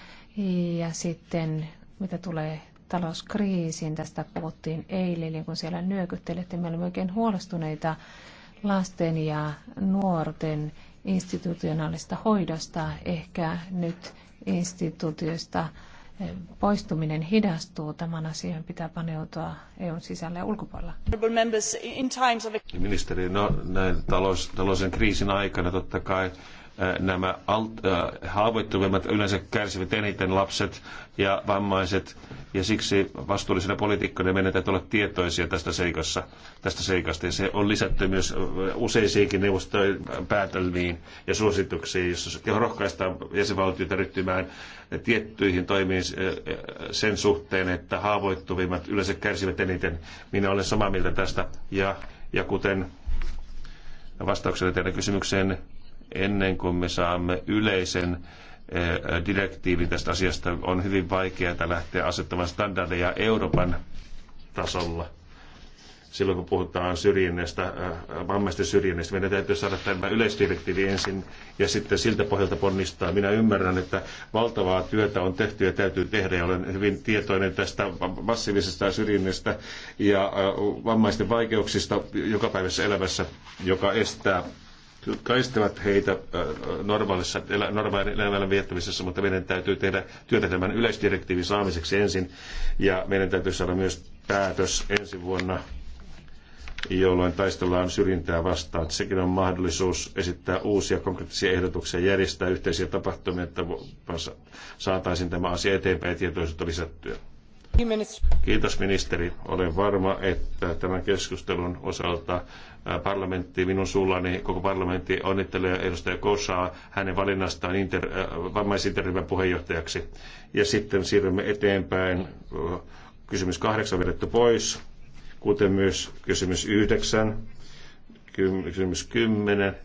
Ja sitten mitä tulee talouskriisiin. Tästä puhuttiin eilen, niin kun siellä nyökyttelette. Me olemme oikein huolestuneita lasten ja nuorten institutionaalista hoidosta. Ehkä nyt instituutioista eh, poistuminen hidastuu. Tämän asian pitää paneutua EUn sisällä ja ulkopuolella. Ministeri, no näin talous, talousen kriisin aikana totta kai Äh, nämä alt, äh, haavoittuvimmat yleensä kärsivät eniten lapset ja vammaiset, ja siksi vastuullisena poliitikkoina meidän täytyy olla tietoisia tästä, seikassa, tästä seikasta, ja se on lisätty myös äh, useisiinkin neuvostojen päätelmiin ja suosituksiin, jossa rohkaistaan jäsenvaltioita ryhtymään tiettyihin toimiin äh, sen suhteen, että haavoittuvimmat yleensä kärsivät eniten. Minä olen samaa mieltä tästä, ja, ja kuten vastauksena teidän kysymykseen, ennen kuin me saamme yleisen eh, direktiivin tästä asiasta, on hyvin vaikeaa lähteä asettamaan standardeja Euroopan tasolla silloin kun puhutaan syrjinnästä, eh, vammaisten syrjinnästä, meidän täytyy saada tämä yleisdirektiivi ensin ja sitten siltä pohjalta ponnistaa. Minä ymmärrän, että valtavaa työtä on tehty ja täytyy tehdä ja olen hyvin tietoinen tästä massiivisesta syrjinnästä ja eh, vammaisten vaikeuksista jokapäiväisessä elämässä, joka estää jotka estävät heitä normaalissa normaalin viettämisessä, mutta meidän täytyy tehdä työtä tämän yleisdirektiivin saamiseksi ensin. Ja meidän täytyy saada myös päätös ensi vuonna, jolloin taistellaan syrjintää vastaan. Sekin on mahdollisuus esittää uusia konkreettisia ehdotuksia, järjestää yhteisiä tapahtumia, että saataisiin tämä asia eteenpäin ja tietoisuutta lisättyä. Kiitos ministeri. Olen varma, että tämän keskustelun osalta parlamentti, minun suullani koko parlamentti onnittelee edustaja Kosaa hänen valinnastaan inter, vammaisinterryhmän puheenjohtajaksi. Ja sitten siirrymme eteenpäin. Kysymys kahdeksan vedetty pois, kuten myös kysymys yhdeksän, kysymys kymmenen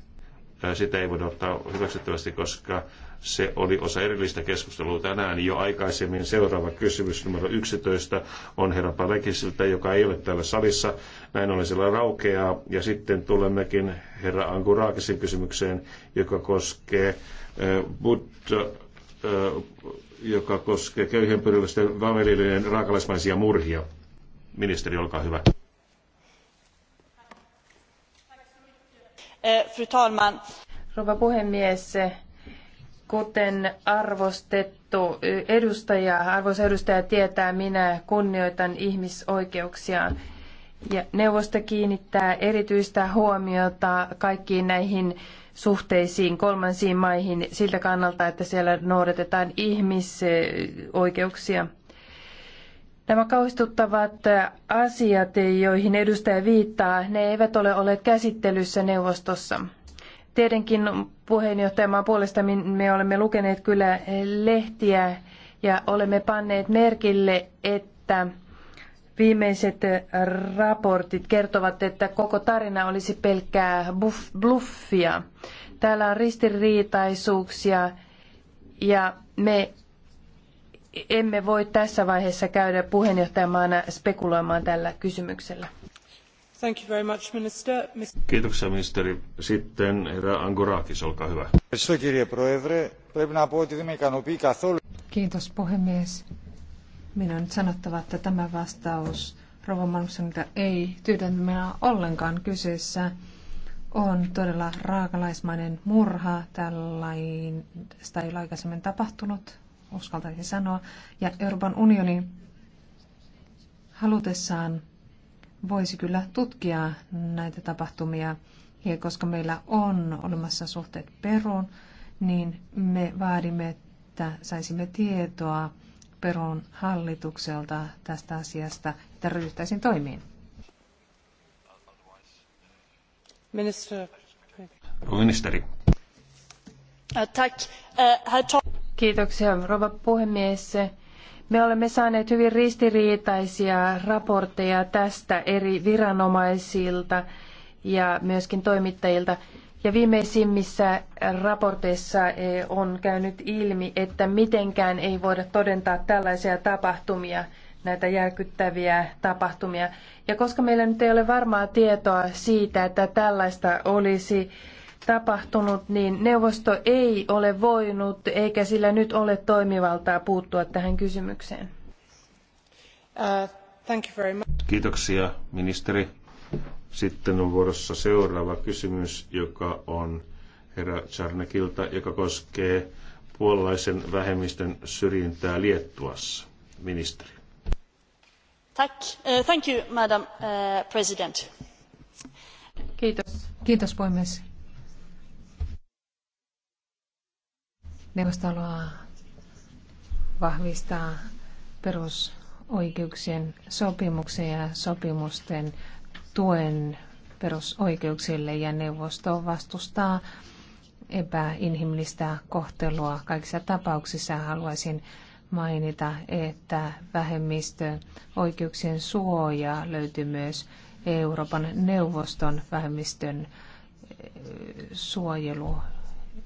sitä ei voida ottaa hyväksyttävästi, koska se oli osa erillistä keskustelua tänään jo aikaisemmin. Seuraava kysymys numero 11 on herra Palekisiltä, joka ei ole täällä salissa. Näin ollen siellä raukeaa. Ja sitten tulemmekin herra Ankuraakisin kysymykseen, joka koskee äh, but, äh, joka koskee köyhien pyriväisten vavelillinen raakalaismaisia murhia. Ministeri, olkaa hyvä. Eh, fru Rouva puhemies, kuten arvostettu edustaja, arvoisa edustaja tietää, minä kunnioitan ihmisoikeuksia. Ja neuvosto kiinnittää erityistä huomiota kaikkiin näihin suhteisiin kolmansiin maihin siltä kannalta, että siellä noudatetaan ihmisoikeuksia. Nämä kauhistuttavat asiat, joihin edustaja viittaa, ne eivät ole olleet käsittelyssä neuvostossa. Tietenkin puheenjohtajamaan puolesta me olemme lukeneet kyllä lehtiä ja olemme panneet merkille, että viimeiset raportit kertovat, että koko tarina olisi pelkkää bluffia. Täällä on ristiriitaisuuksia ja me emme voi tässä vaiheessa käydä puheenjohtajamaana spekuloimaan tällä kysymyksellä. Thank you very much, minister. Kiitoksia ministeri. Sitten herra Angurakis, olkaa hyvä. Kiitos puhemies. Minun on nyt sanottava, että tämä vastaus Rova Malmsonilta ei tyydytä minä ollenkaan kyseessä on todella raakalaismainen murha, tällaista ei ole aikaisemmin tapahtunut uskaltaisin sanoa. Ja Euroopan unioni halutessaan voisi kyllä tutkia näitä tapahtumia. Ja koska meillä on olemassa suhteet Peruun, niin me vaadimme, että saisimme tietoa Perun hallitukselta tästä asiasta, että ryhtäisiin toimiin. Ministeri. Ministeri. Äh, tack, Uh, Kiitoksia, rouva puhemies. Me olemme saaneet hyvin ristiriitaisia raportteja tästä eri viranomaisilta ja myöskin toimittajilta. Ja viimeisimmissä raporteissa e, on käynyt ilmi, että mitenkään ei voida todentaa tällaisia tapahtumia, näitä järkyttäviä tapahtumia. Ja koska meillä nyt ei ole varmaa tietoa siitä, että tällaista olisi tapahtunut, niin neuvosto ei ole voinut eikä sillä nyt ole toimivaltaa puuttua tähän kysymykseen. Uh, thank you very much. Kiitoksia ministeri. Sitten on vuorossa seuraava kysymys, joka on herra Czarnekilta, joka koskee puolalaisen vähemmistön syrjintää Liettuassa. Ministeri. Tack. Eh, thank you, madam eh, president. Kiitos. Kiitos puhemies. Neuvosto haluaa vahvistaa perusoikeuksien sopimuksen ja sopimusten tuen perusoikeuksille ja neuvosto vastustaa epäinhimillistä kohtelua kaikissa tapauksissa. Haluaisin mainita, että vähemmistöoikeuksien oikeuksien suoja löytyy myös Euroopan neuvoston vähemmistön eh, suojelu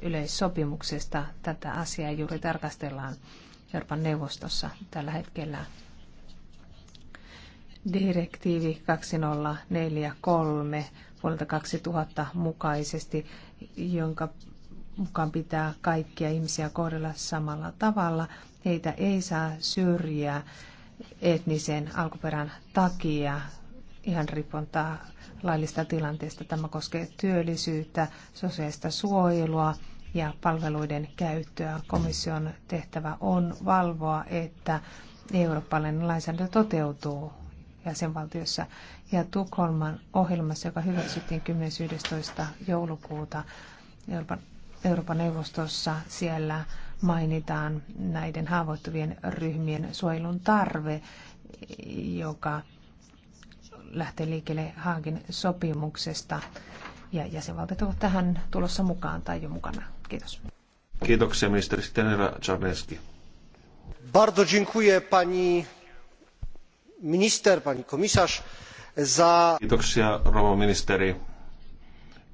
yleissopimuksesta. Tätä asiaa juuri tarkastellaan Euroopan neuvostossa tällä hetkellä. Direktiivi 2043 vuodelta 2000 mukaisesti, jonka mukaan pitää kaikkia ihmisiä kohdella samalla tavalla. Heitä ei saa syrjiä etnisen alkuperän takia ihan riippuntaa laillista tilanteesta. Tämä koskee työllisyyttä, sosiaalista suojelua, ja palveluiden käyttöä. Komission tehtävä on valvoa, että eurooppalainen lainsäädäntö toteutuu jäsenvaltiossa. Ja Tukholman ohjelmassa, joka hyväksyttiin 10.11. joulukuuta Euroopan, Euroopan neuvostossa, siellä mainitaan näiden haavoittuvien ryhmien suojelun tarve, joka lähtee liikkeelle Haagin sopimuksesta. Ja jäsenvaltiot ovat tähän tulossa mukaan tai jo mukana. Kiitos. Kiitoksia ministeri Stenera Czarneski. Bardzo dziękuję pani minister, pani komisarz za... Kiitoksia rouva ministeri.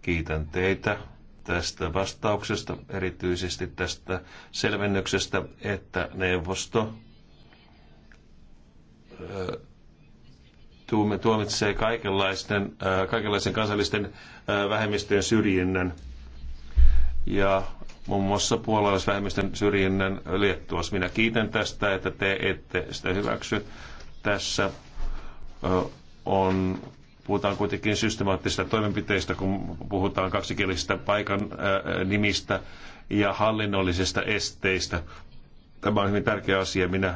Kiitän teitä tästä vastauksesta, erityisesti tästä selvennyksestä, että neuvosto tuomitsee kaikenlaisten, kaikenlaisen kansallisten vähemmistöjen syrjinnän – ja muun muassa puolalaisvähemmistön syrjinnän Liettuas. Minä kiitän tästä, että te ette sitä hyväksy. Tässä on, puhutaan kuitenkin systemaattisista toimenpiteistä, kun puhutaan kaksikielisistä paikan nimistä ja hallinnollisista esteistä. Tämä on hyvin tärkeä asia. Minä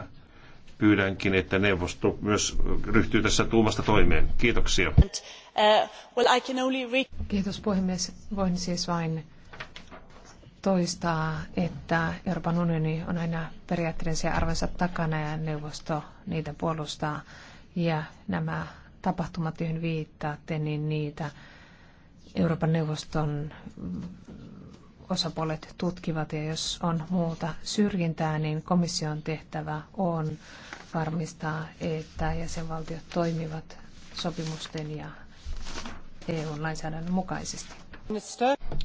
pyydänkin, että neuvosto myös ryhtyy tässä tuumasta toimeen. Kiitoksia. Uh, Kiitos puhemies. Voin siis vain toistaa, että Euroopan unioni on aina periaatteensa ja arvonsa takana ja neuvosto niitä puolustaa. Ja nämä tapahtumat, joihin viittaatte, niin niitä Euroopan neuvoston osapuolet tutkivat ja jos on muuta syrjintää, niin komission tehtävä on varmistaa, että jäsenvaltiot toimivat sopimusten ja EU-lainsäädännön mukaisesti.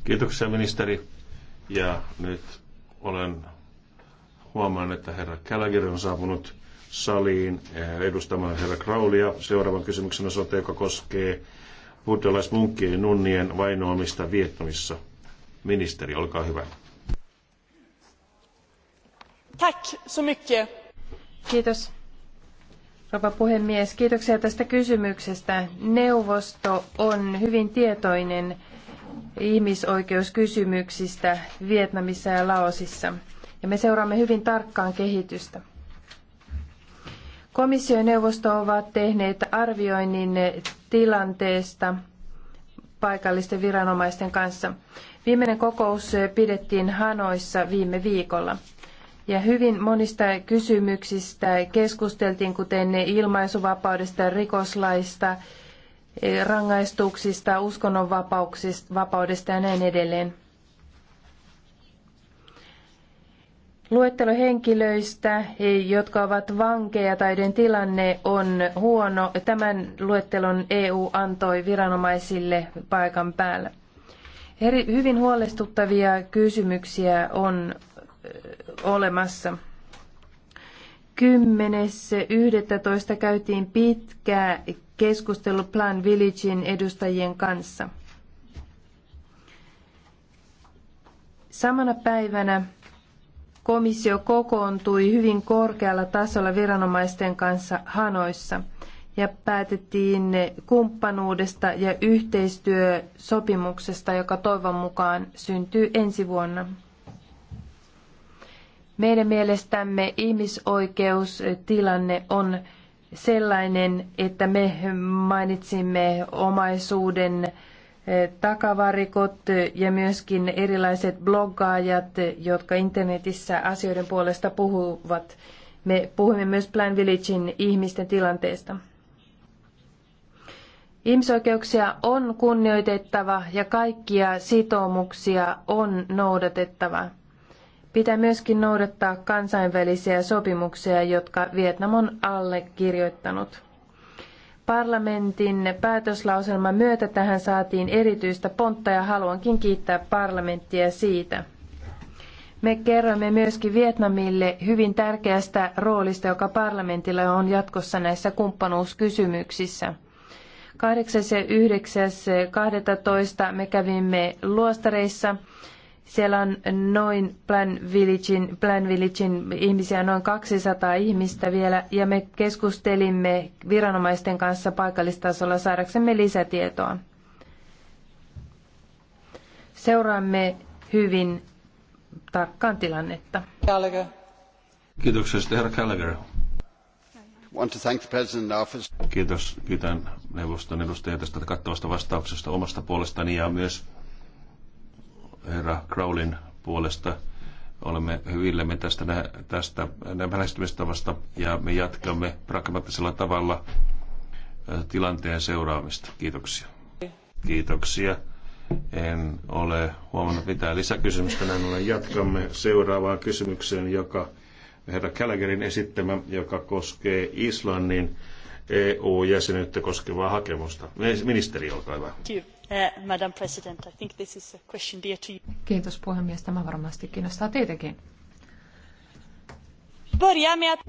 Kiitoksia ministeri. Ja nyt olen huomaan, että herra Gallagher on saapunut saliin eh, edustamaan herra Crowleya. Seuraavan kysymyksen osalta, joka koskee buddhalaismunkkien ja nunnien vainoamista Vietnamissa. Ministeri, olkaa hyvä. Tack så mycket. Kiitos. Rouva puhemies, kiitoksia tästä kysymyksestä. Neuvosto on hyvin tietoinen ihmisoikeuskysymyksistä Vietnamissa ja Laosissa. Ja me seuraamme hyvin tarkkaan kehitystä. Komissio ja neuvosto ovat tehneet arvioinnin tilanteesta paikallisten viranomaisten kanssa. Viimeinen kokous pidettiin Hanoissa viime viikolla. Ja hyvin monista kysymyksistä keskusteltiin, kuten ilmaisuvapaudesta, rikoslaista, Eh, rangaistuksista, uskonnonvapaudesta ja näin edelleen. Luettelo henkilöistä, eh, jotka ovat vankeja tai joiden tilanne on huono, tämän luettelon EU antoi viranomaisille paikan päällä. Eri, hyvin huolestuttavia kysymyksiä on eh, olemassa. 10.11. käytiin pitkä keskustelu Plan Villagein edustajien kanssa. Samana päivänä komissio kokoontui hyvin korkealla tasolla viranomaisten kanssa Hanoissa ja päätettiin kumppanuudesta ja yhteistyösopimuksesta, joka toivon mukaan syntyy ensi vuonna. Meidän mielestämme ihmisoikeustilanne on sellainen, että me mainitsimme omaisuuden eh, takavarikot ja myöskin erilaiset bloggaajat, jotka internetissä asioiden puolesta puhuvat. Me puhumme myös Plan Villagein ihmisten tilanteesta. Ihmisoikeuksia on kunnioitettava ja kaikkia sitoumuksia on noudatettava. Pitää myöskin noudattaa kansainvälisiä sopimuksia, jotka Vietnam on allekirjoittanut. Parlamentin päätöslauselman myötä tähän saatiin erityistä pontta ja haluankin kiittää parlamenttia siitä. Me kerroimme myöskin Vietnamille hyvin tärkeästä roolista, joka parlamentilla on jatkossa näissä kumppanuuskysymyksissä. 8. ja 9.12. me kävimme luostareissa siellä on noin Plan Villagein, Plan Villagein ihmisiä, noin 200 ihmistä vielä, ja me keskustelimme viranomaisten kanssa paikallistasolla saadaksemme lisätietoa. Seuraamme hyvin tarkkaan tilannetta. Gallagher. Kiitoksia, herra Gallagher. Want to thank the president office. Kiitos, kiitän neuvoston edustajia tästä kattavasta vastauksesta omasta puolestani ja myös herra Crowlin puolesta. Olemme hyvillämme tästä, tästä lähestymistavasta ja me jatkamme pragmaattisella tavalla tilanteen seuraamista. Kiitoksia. Kiitoksia. En ole huomannut mitään lisäkysymystä, näin ollen jatkamme seuraavaan kysymykseen, joka herra Kälkerin esittämä, joka koskee Islannin EU-jäsenyyttä koskevaa hakemusta. Ministeri, olkaa hyvä. Kiitos. Uh, Madam President. I think this is a question dear to you. Kiitos puhemies. Tämä varmasti kiinnostaa teitäkin.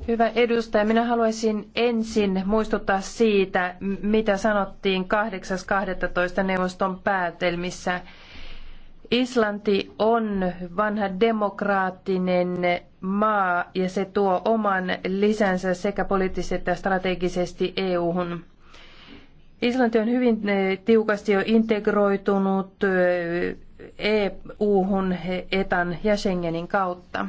Hyvä edustaja, minä haluaisin ensin muistuttaa siitä, mitä sanottiin 8.12. neuvoston päätelmissä. Islanti on vanha demokraattinen maa ja se tuo oman lisänsä sekä poliittisesti että strategisesti EU-hun. Islanti on hyvin eh, tiukasti jo integroitunut EU-hun, eh, e ETAN ja Schengenin kautta.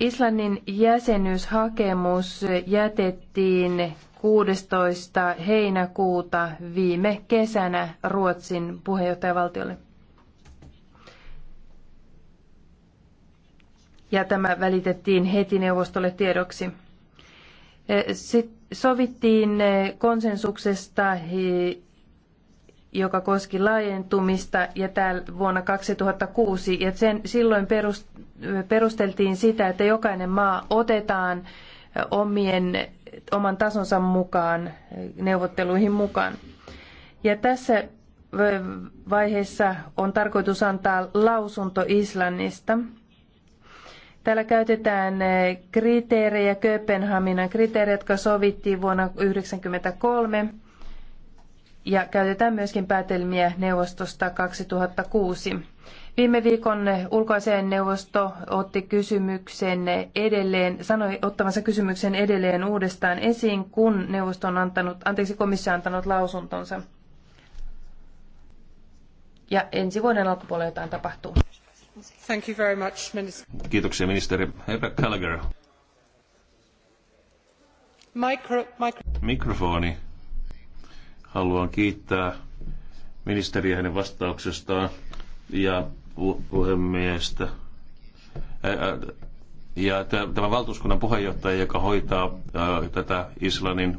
Islannin jäsenyyshakemus jätettiin 16. heinäkuuta viime kesänä Ruotsin puheenjohtajavaltiolle. Ja tämä välitettiin heti neuvostolle tiedoksi sovittiin konsensuksesta, joka koski laajentumista ja täällä vuonna 2006. Ja sen, silloin perusteltiin sitä, että jokainen maa otetaan omien, oman tasonsa mukaan neuvotteluihin mukaan. Ja tässä vaiheessa on tarkoitus antaa lausunto Islannista. Täällä käytetään eh, kriteerejä, Kööpenhaminan kriteerejä, jotka sovittiin vuonna 1993 ja käytetään myöskin päätelmiä neuvostosta 2006. Viime viikon ulkoiseen neuvosto otti kysymyksen edelleen, sanoi ottamansa kysymyksen edelleen uudestaan esiin, kun neuvosto on antanut, anteeksi komissio on antanut lausuntonsa. Ja ensi vuoden alkupuolella jotain tapahtuu. Thank you very much, minister. Kiitoksia ministeri Eva Gallagher. Mikro, mikro. Mikrofoni. Haluan kiittää ministeriä hänen vastauksestaan ja puhemiestä. Ja tämä valtuuskunnan puheenjohtaja, joka hoitaa tätä Islannin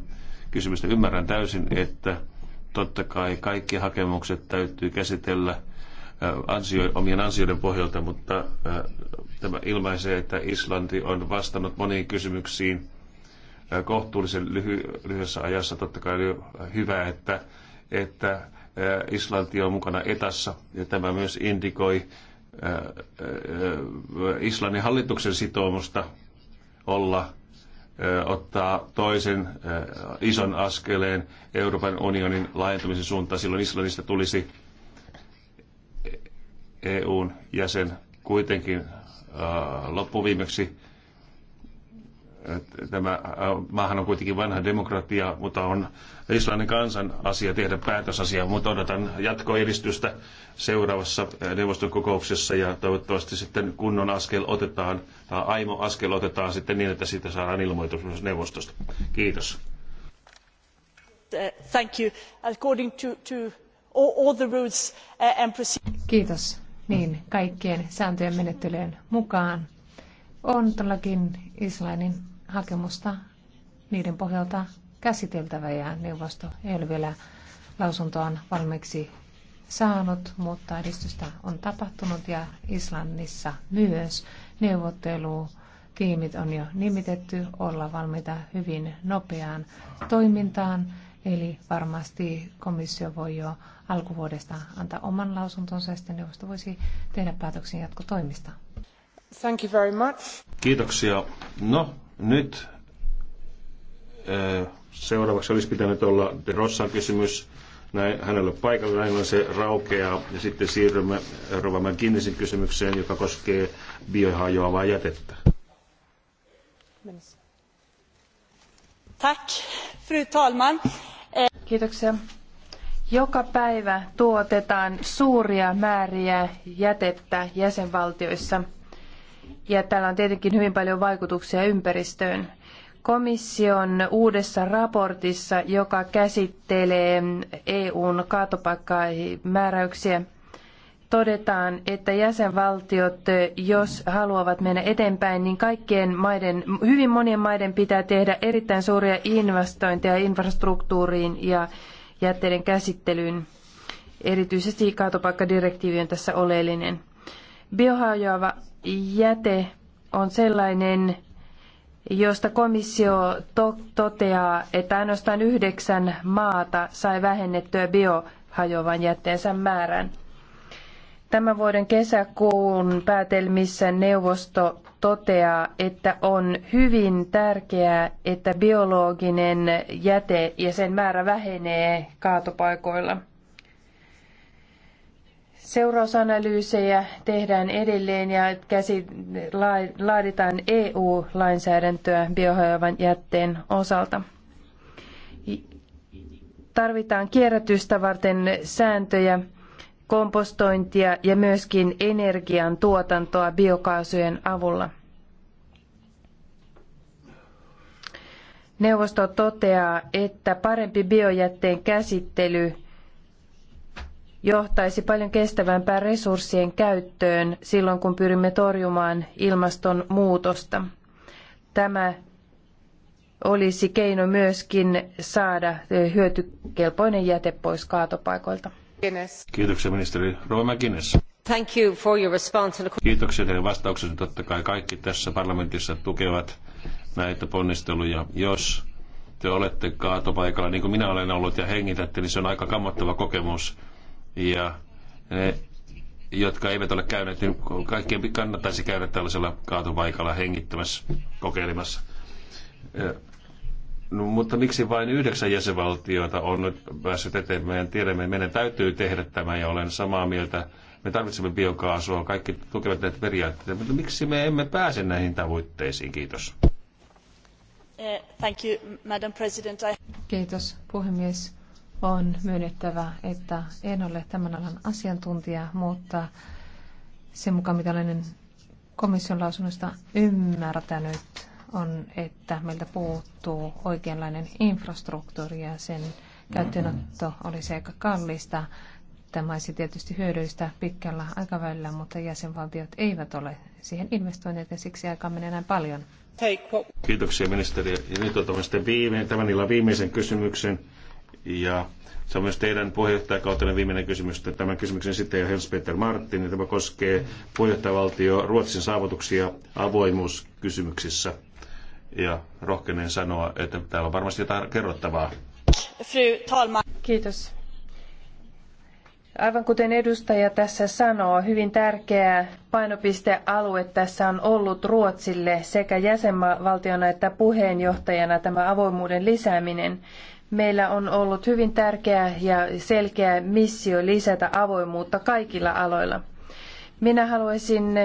kysymystä, ymmärrän täysin, että totta kai kaikki hakemukset täytyy käsitellä ansio, omien ansioiden pohjalta, mutta tämä ilmaisee, että Islanti on vastannut moniin kysymyksiin kohtuullisen lyhy, lyhyessä ajassa. Totta kai oli hyvä, että, että Islanti on mukana etassa ja tämä myös indikoi Islannin hallituksen sitoumusta olla ottaa toisen ison askeleen Euroopan unionin laajentumisen suuntaan. Silloin Islannista tulisi EUn jäsen kuitenkin äh, loppuviimeksi tämä äh, maahan on kuitenkin vanha demokratia, mutta on Islannin kansan asia tehdä päätösasia, mutta odotan jatkoedistystä seuraavassa äh, neuvoston kokouksessa ja toivottavasti sitten kunnon askel otetaan, tai aimo askel otetaan sitten niin, että siitä saadaan ilmoitus myös neuvostosta. Kiitos. Thank you. According to, to all the rules uh, and procedures. Kiitos niin kaikkien sääntöjen menettelyjen mukaan on todellakin Islannin hakemusta niiden pohjalta käsiteltävä ja neuvosto ei ole vielä lausuntoaan valmiiksi saanut, mutta edistystä on tapahtunut ja Islannissa myös tiimit on jo nimitetty olla valmiita hyvin nopeaan toimintaan. Eli varmasti komissio voi jo alkuvuodesta antaa oman lausuntonsa ja sitten neuvosto voisi tehdä päätöksiä jatkotoimista. Thank you very much. Kiitoksia. No, nyt eh, seuraavaksi olisi pitänyt olla De Rossan kysymys. Näin, hänellä paikalla, näin on se raukeaa. Ja sitten siirrymme Rova McGinnisin kysymykseen, joka koskee biohajoavaa jätettä. Tack, fru talman. Eh, Kiitoksia joka päivä tuotetaan suuria määriä jätettä jäsenvaltioissa. Ja tällä on tietenkin hyvin paljon vaikutuksia ympäristöön. Komission uudessa raportissa, joka käsittelee EUn kaatopaikkamääräyksiä, todetaan, että jäsenvaltiot, jos haluavat mennä eteenpäin, niin kaikkien maiden, hyvin monien maiden pitää tehdä erittäin suuria investointeja infrastruktuuriin ja jätteiden käsittelyyn. Erityisesti kaatopaikkadirektiivi on tässä oleellinen. Biohajoava jäte on sellainen, josta komissio to- toteaa, että ainoastaan yhdeksän maata sai vähennettyä biohajoavan jätteensä määrän. Tämän vuoden kesäkuun päätelmissä neuvosto toteaa, että on hyvin tärkeää, että biologinen jäte ja sen määrä vähenee kaatopaikoilla. Seurausanalyysejä tehdään edelleen ja käsi, laaditaan EU-lainsäädäntöä biohajoavan jätteen osalta tarvitaan kierrätystä varten sääntöjä kompostointia ja myöskin energian tuotantoa biokaasujen avulla. Neuvosto toteaa, että parempi biojätteen käsittely johtaisi paljon kestävämpään resurssien käyttöön silloin, kun pyrimme torjumaan ilmastonmuutosta. Tämä olisi keino myöskin saada hyötykelpoinen jäte pois kaatopaikoilta. Kiitoksia ministeri Thank you for your response. Kiitoksia teidän vastauksenne. Totta kai kaikki tässä parlamentissa tukevat näitä ponnisteluja. Jos te olette kaatopaikalla, niin kuin minä olen ollut, ja hengitätte, niin se on aika kammottava kokemus. Ja ne, jotka eivät ole käyneet, niin kaikkien kannattaisi käydä tällaisella kaatopaikalla hengittämässä, kokeilemassa. No, mutta miksi vain yhdeksän jäsenvaltiota on nyt päässyt eteen? Meidän tiedämme, meidän täytyy tehdä tämä ja olen samaa mieltä. Me tarvitsemme biokaasua, kaikki tukevat näitä periaatteita, mutta miksi me emme pääse näihin tavoitteisiin? Kiitos. Eh, thank you, Madam President. Kiitos, puhemies. On myönnettävä, että en ole tämän alan asiantuntija, mutta sen mukaan mitä olen komission lausunnosta ymmärtänyt, on, että meiltä puuttuu oikeanlainen infrastruktuuri ja sen käyttöönotto olisi aika kallista. Tämä olisi tietysti hyödyllistä pitkällä aikavälillä, mutta jäsenvaltiot eivät ole siihen investoineet ja siksi aika menee näin paljon. Kiitoksia ministeri. Ja nyt otamme sitten viime tämän illan viimeisen kysymyksen. Ja se on myös teidän puheenjohtajakautenne viimeinen kysymys. Tämän kysymyksen sitten jo Hans-Peter Martin. Ja tämä koskee puheenjohtajavaltio Ruotsin saavutuksia avoimuuskysymyksissä ja rohkenen sanoa, että täällä on varmasti jotain kerrottavaa. Kiitos. Aivan kuten edustaja tässä sanoo, hyvin tärkeä painopistealue tässä on ollut Ruotsille sekä jäsenvaltiona että puheenjohtajana tämä avoimuuden lisääminen. Meillä on ollut hyvin tärkeä ja selkeä missio lisätä avoimuutta kaikilla aloilla. Minä haluaisin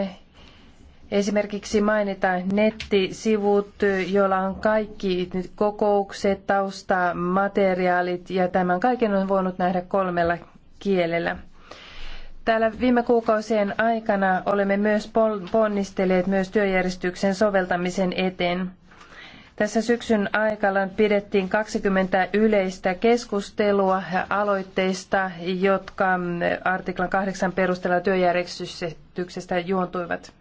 Esimerkiksi mainitaan nettisivut, joilla on kaikki kokoukset, taustamateriaalit ja tämän kaiken on voinut nähdä kolmella kielellä. Täällä viime kuukausien aikana olemme myös ponnistelleet myös työjärjestyksen soveltamisen eteen. Tässä syksyn aikana pidettiin 20 yleistä keskustelua aloitteista, jotka artiklan 8 perusteella työjärjestyksestä juontuivat.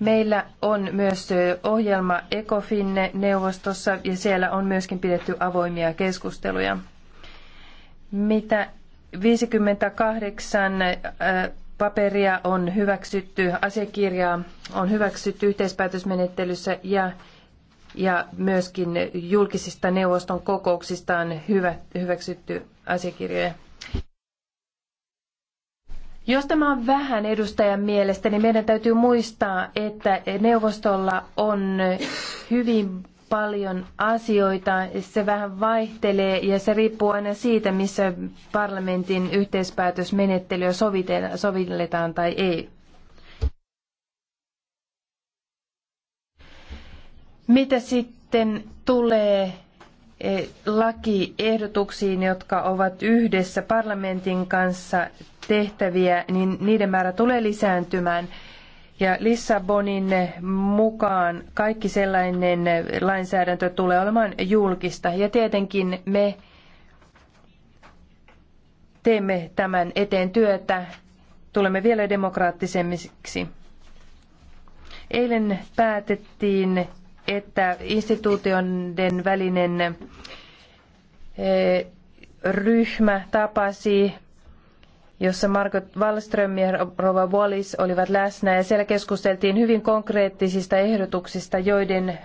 Meillä on myös ohjelma ecofin neuvostossa ja siellä on myöskin pidetty avoimia keskusteluja. Mitä 58 paperia on hyväksytty, asiakirjaa on hyväksytty yhteispäätösmenettelyssä ja, ja myöskin julkisista neuvoston kokouksista on hyvä, hyväksytty asiakirjoja. Jos tämä on vähän edustajan mielestä, niin meidän täytyy muistaa, että neuvostolla on hyvin paljon asioita, se vähän vaihtelee ja se riippuu aina siitä, missä parlamentin yhteispäätösmenettelyä sovelletaan tai ei. Mitä sitten tulee lakiehdotuksiin, jotka ovat yhdessä parlamentin kanssa tehtäviä, niin niiden määrä tulee lisääntymään. Ja Lissabonin mukaan kaikki sellainen lainsäädäntö tulee olemaan julkista. Ja tietenkin me teemme tämän eteen työtä, tulemme vielä demokraattisemmiksi. Eilen päätettiin että instituutioiden välinen eh, ryhmä tapasi, jossa Margot Wallström ja Rova Wallis olivat läsnä ja siellä keskusteltiin hyvin konkreettisista ehdotuksista, joiden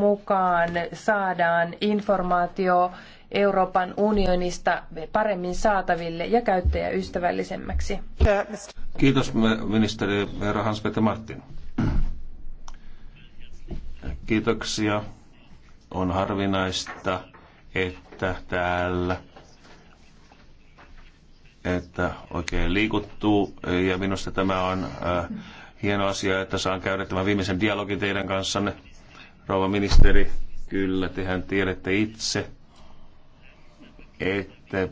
mukaan saadaan informaatio Euroopan unionista paremmin saataville ja käyttäjäystävällisemmäksi. Kiitos ministeri Vera Hans-Peter Martin. Kiitoksia. On harvinaista, että täällä että oikein liikuttuu ja minusta tämä on äh, hieno asia, että saan käydä tämän viimeisen dialogin teidän kanssanne. Rouva ministeri, kyllä tehän tiedätte itse, että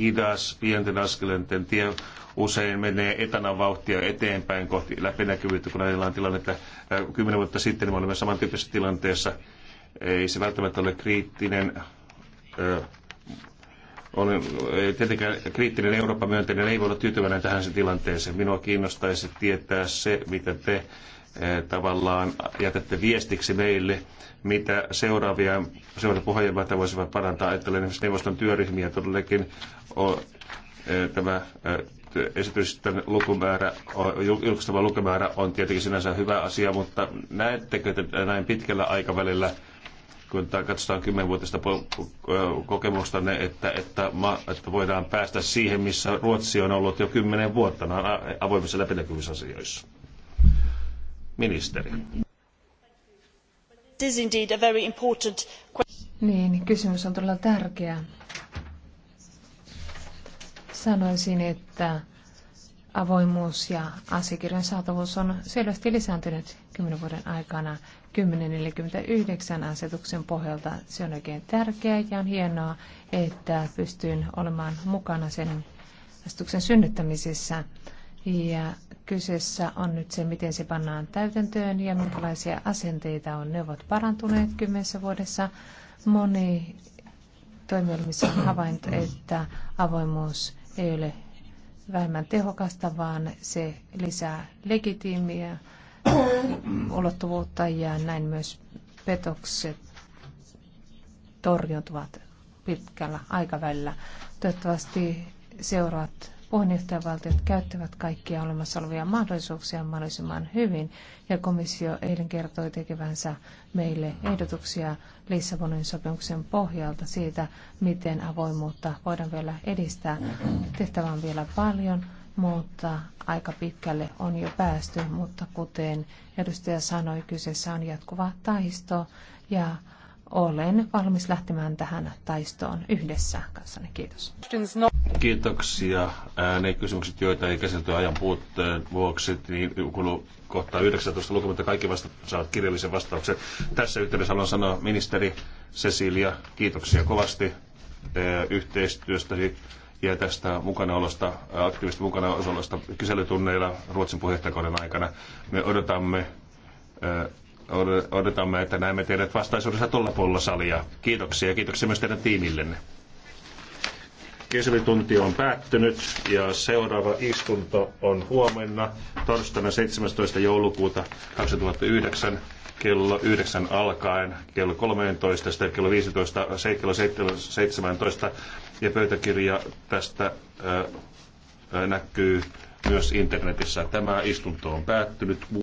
hidas pienten askelenten tie usein menee etana vauhtia eteenpäin kohti läpinäkyvyyttä, kun ajatellaan tilannetta. Äh, kymmenen vuotta sitten niin me olimme samantyyppisessä tilanteessa. Ei se välttämättä ole kriittinen äh, olen tietenkään kriittinen Eurooppa-myönteinen, ei voi olla tyytyväinen tähän se tilanteeseen. Minua kiinnostaisi tietää se, mitä te äh, tavallaan jätätte viestiksi meille, mitä seuraavia seuraavia puheenjohtajia voisivat parantaa. Ajattelen esimerkiksi neuvoston työryhmiä todellakin on, tämä esitysten lukumäärä, julkistava lukumäärä on tietenkin sinänsä hyvä asia, mutta näettekö te näin pitkällä aikavälillä, kun katsotaan kymmenvuotista kokemusta, että, että, että voidaan päästä siihen, missä Ruotsi on ollut jo kymmenen vuotta no, avoimissa asioissa? Ministeri. Niin, kysymys on todella tärkeä Sanoisin, että avoimuus ja asiakirjan saatavuus on selvästi lisääntynyt kymmenen vuoden aikana 1049 asetuksen pohjalta. Se on oikein tärkeää ja on hienoa, että pystyin olemaan mukana sen asetuksen synnyttämisessä. Ja kyseessä on nyt se, miten se pannaan täytäntöön ja minkälaisia asenteita on. Ne ovat parantuneet kymmenessä vuodessa. Moni toimielimissä on havainto, että avoimuus ei ole vähemmän tehokasta, vaan se lisää legitiimiä ulottuvuutta ja näin myös petokset torjuntuvat pitkällä aikavälillä. Toivottavasti seuraat puheenjohtajavaltiot käyttävät kaikkia olemassa olevia mahdollisuuksia mahdollisimman hyvin. Ja komissio eilen kertoi tekevänsä meille ehdotuksia Lissabonin sopimuksen pohjalta siitä, miten avoimuutta voidaan vielä edistää. Tehtävä on vielä paljon, mutta aika pitkälle on jo päästy, mutta kuten edustaja sanoi, kyseessä on jatkuva taisto ja olen valmis lähtemään tähän taistoon yhdessä kanssanne. Kiitos. Kiitoksia. Ne kysymykset, joita ei käsitelty ajan puutteen vuoksi, niin kuuluu kohta 19 lukumatta kaikki vasta saavat kirjallisen vastauksen. Tässä yhteydessä haluan sanoa ministeri Cecilia, kiitoksia kovasti yhteistyöstäsi ja tästä mukanaolosta, aktiivisesta mukanaolosta kyselytunneilla Ruotsin puheenjohtajakauden aikana. Me odotamme odotamme, että näemme teidät vastaisuudessa tuolla puolella salia. Kiitoksia ja kiitoksia myös teidän tiimillenne. Kyselytunti on päättynyt ja seuraava istunto on huomenna torstaina 17. joulukuuta 2009 kello 9 alkaen, kello 13, sitten kello 15, kello 17 ja pöytäkirja tästä näkyy myös internetissä. Tämä istunto on päättynyt.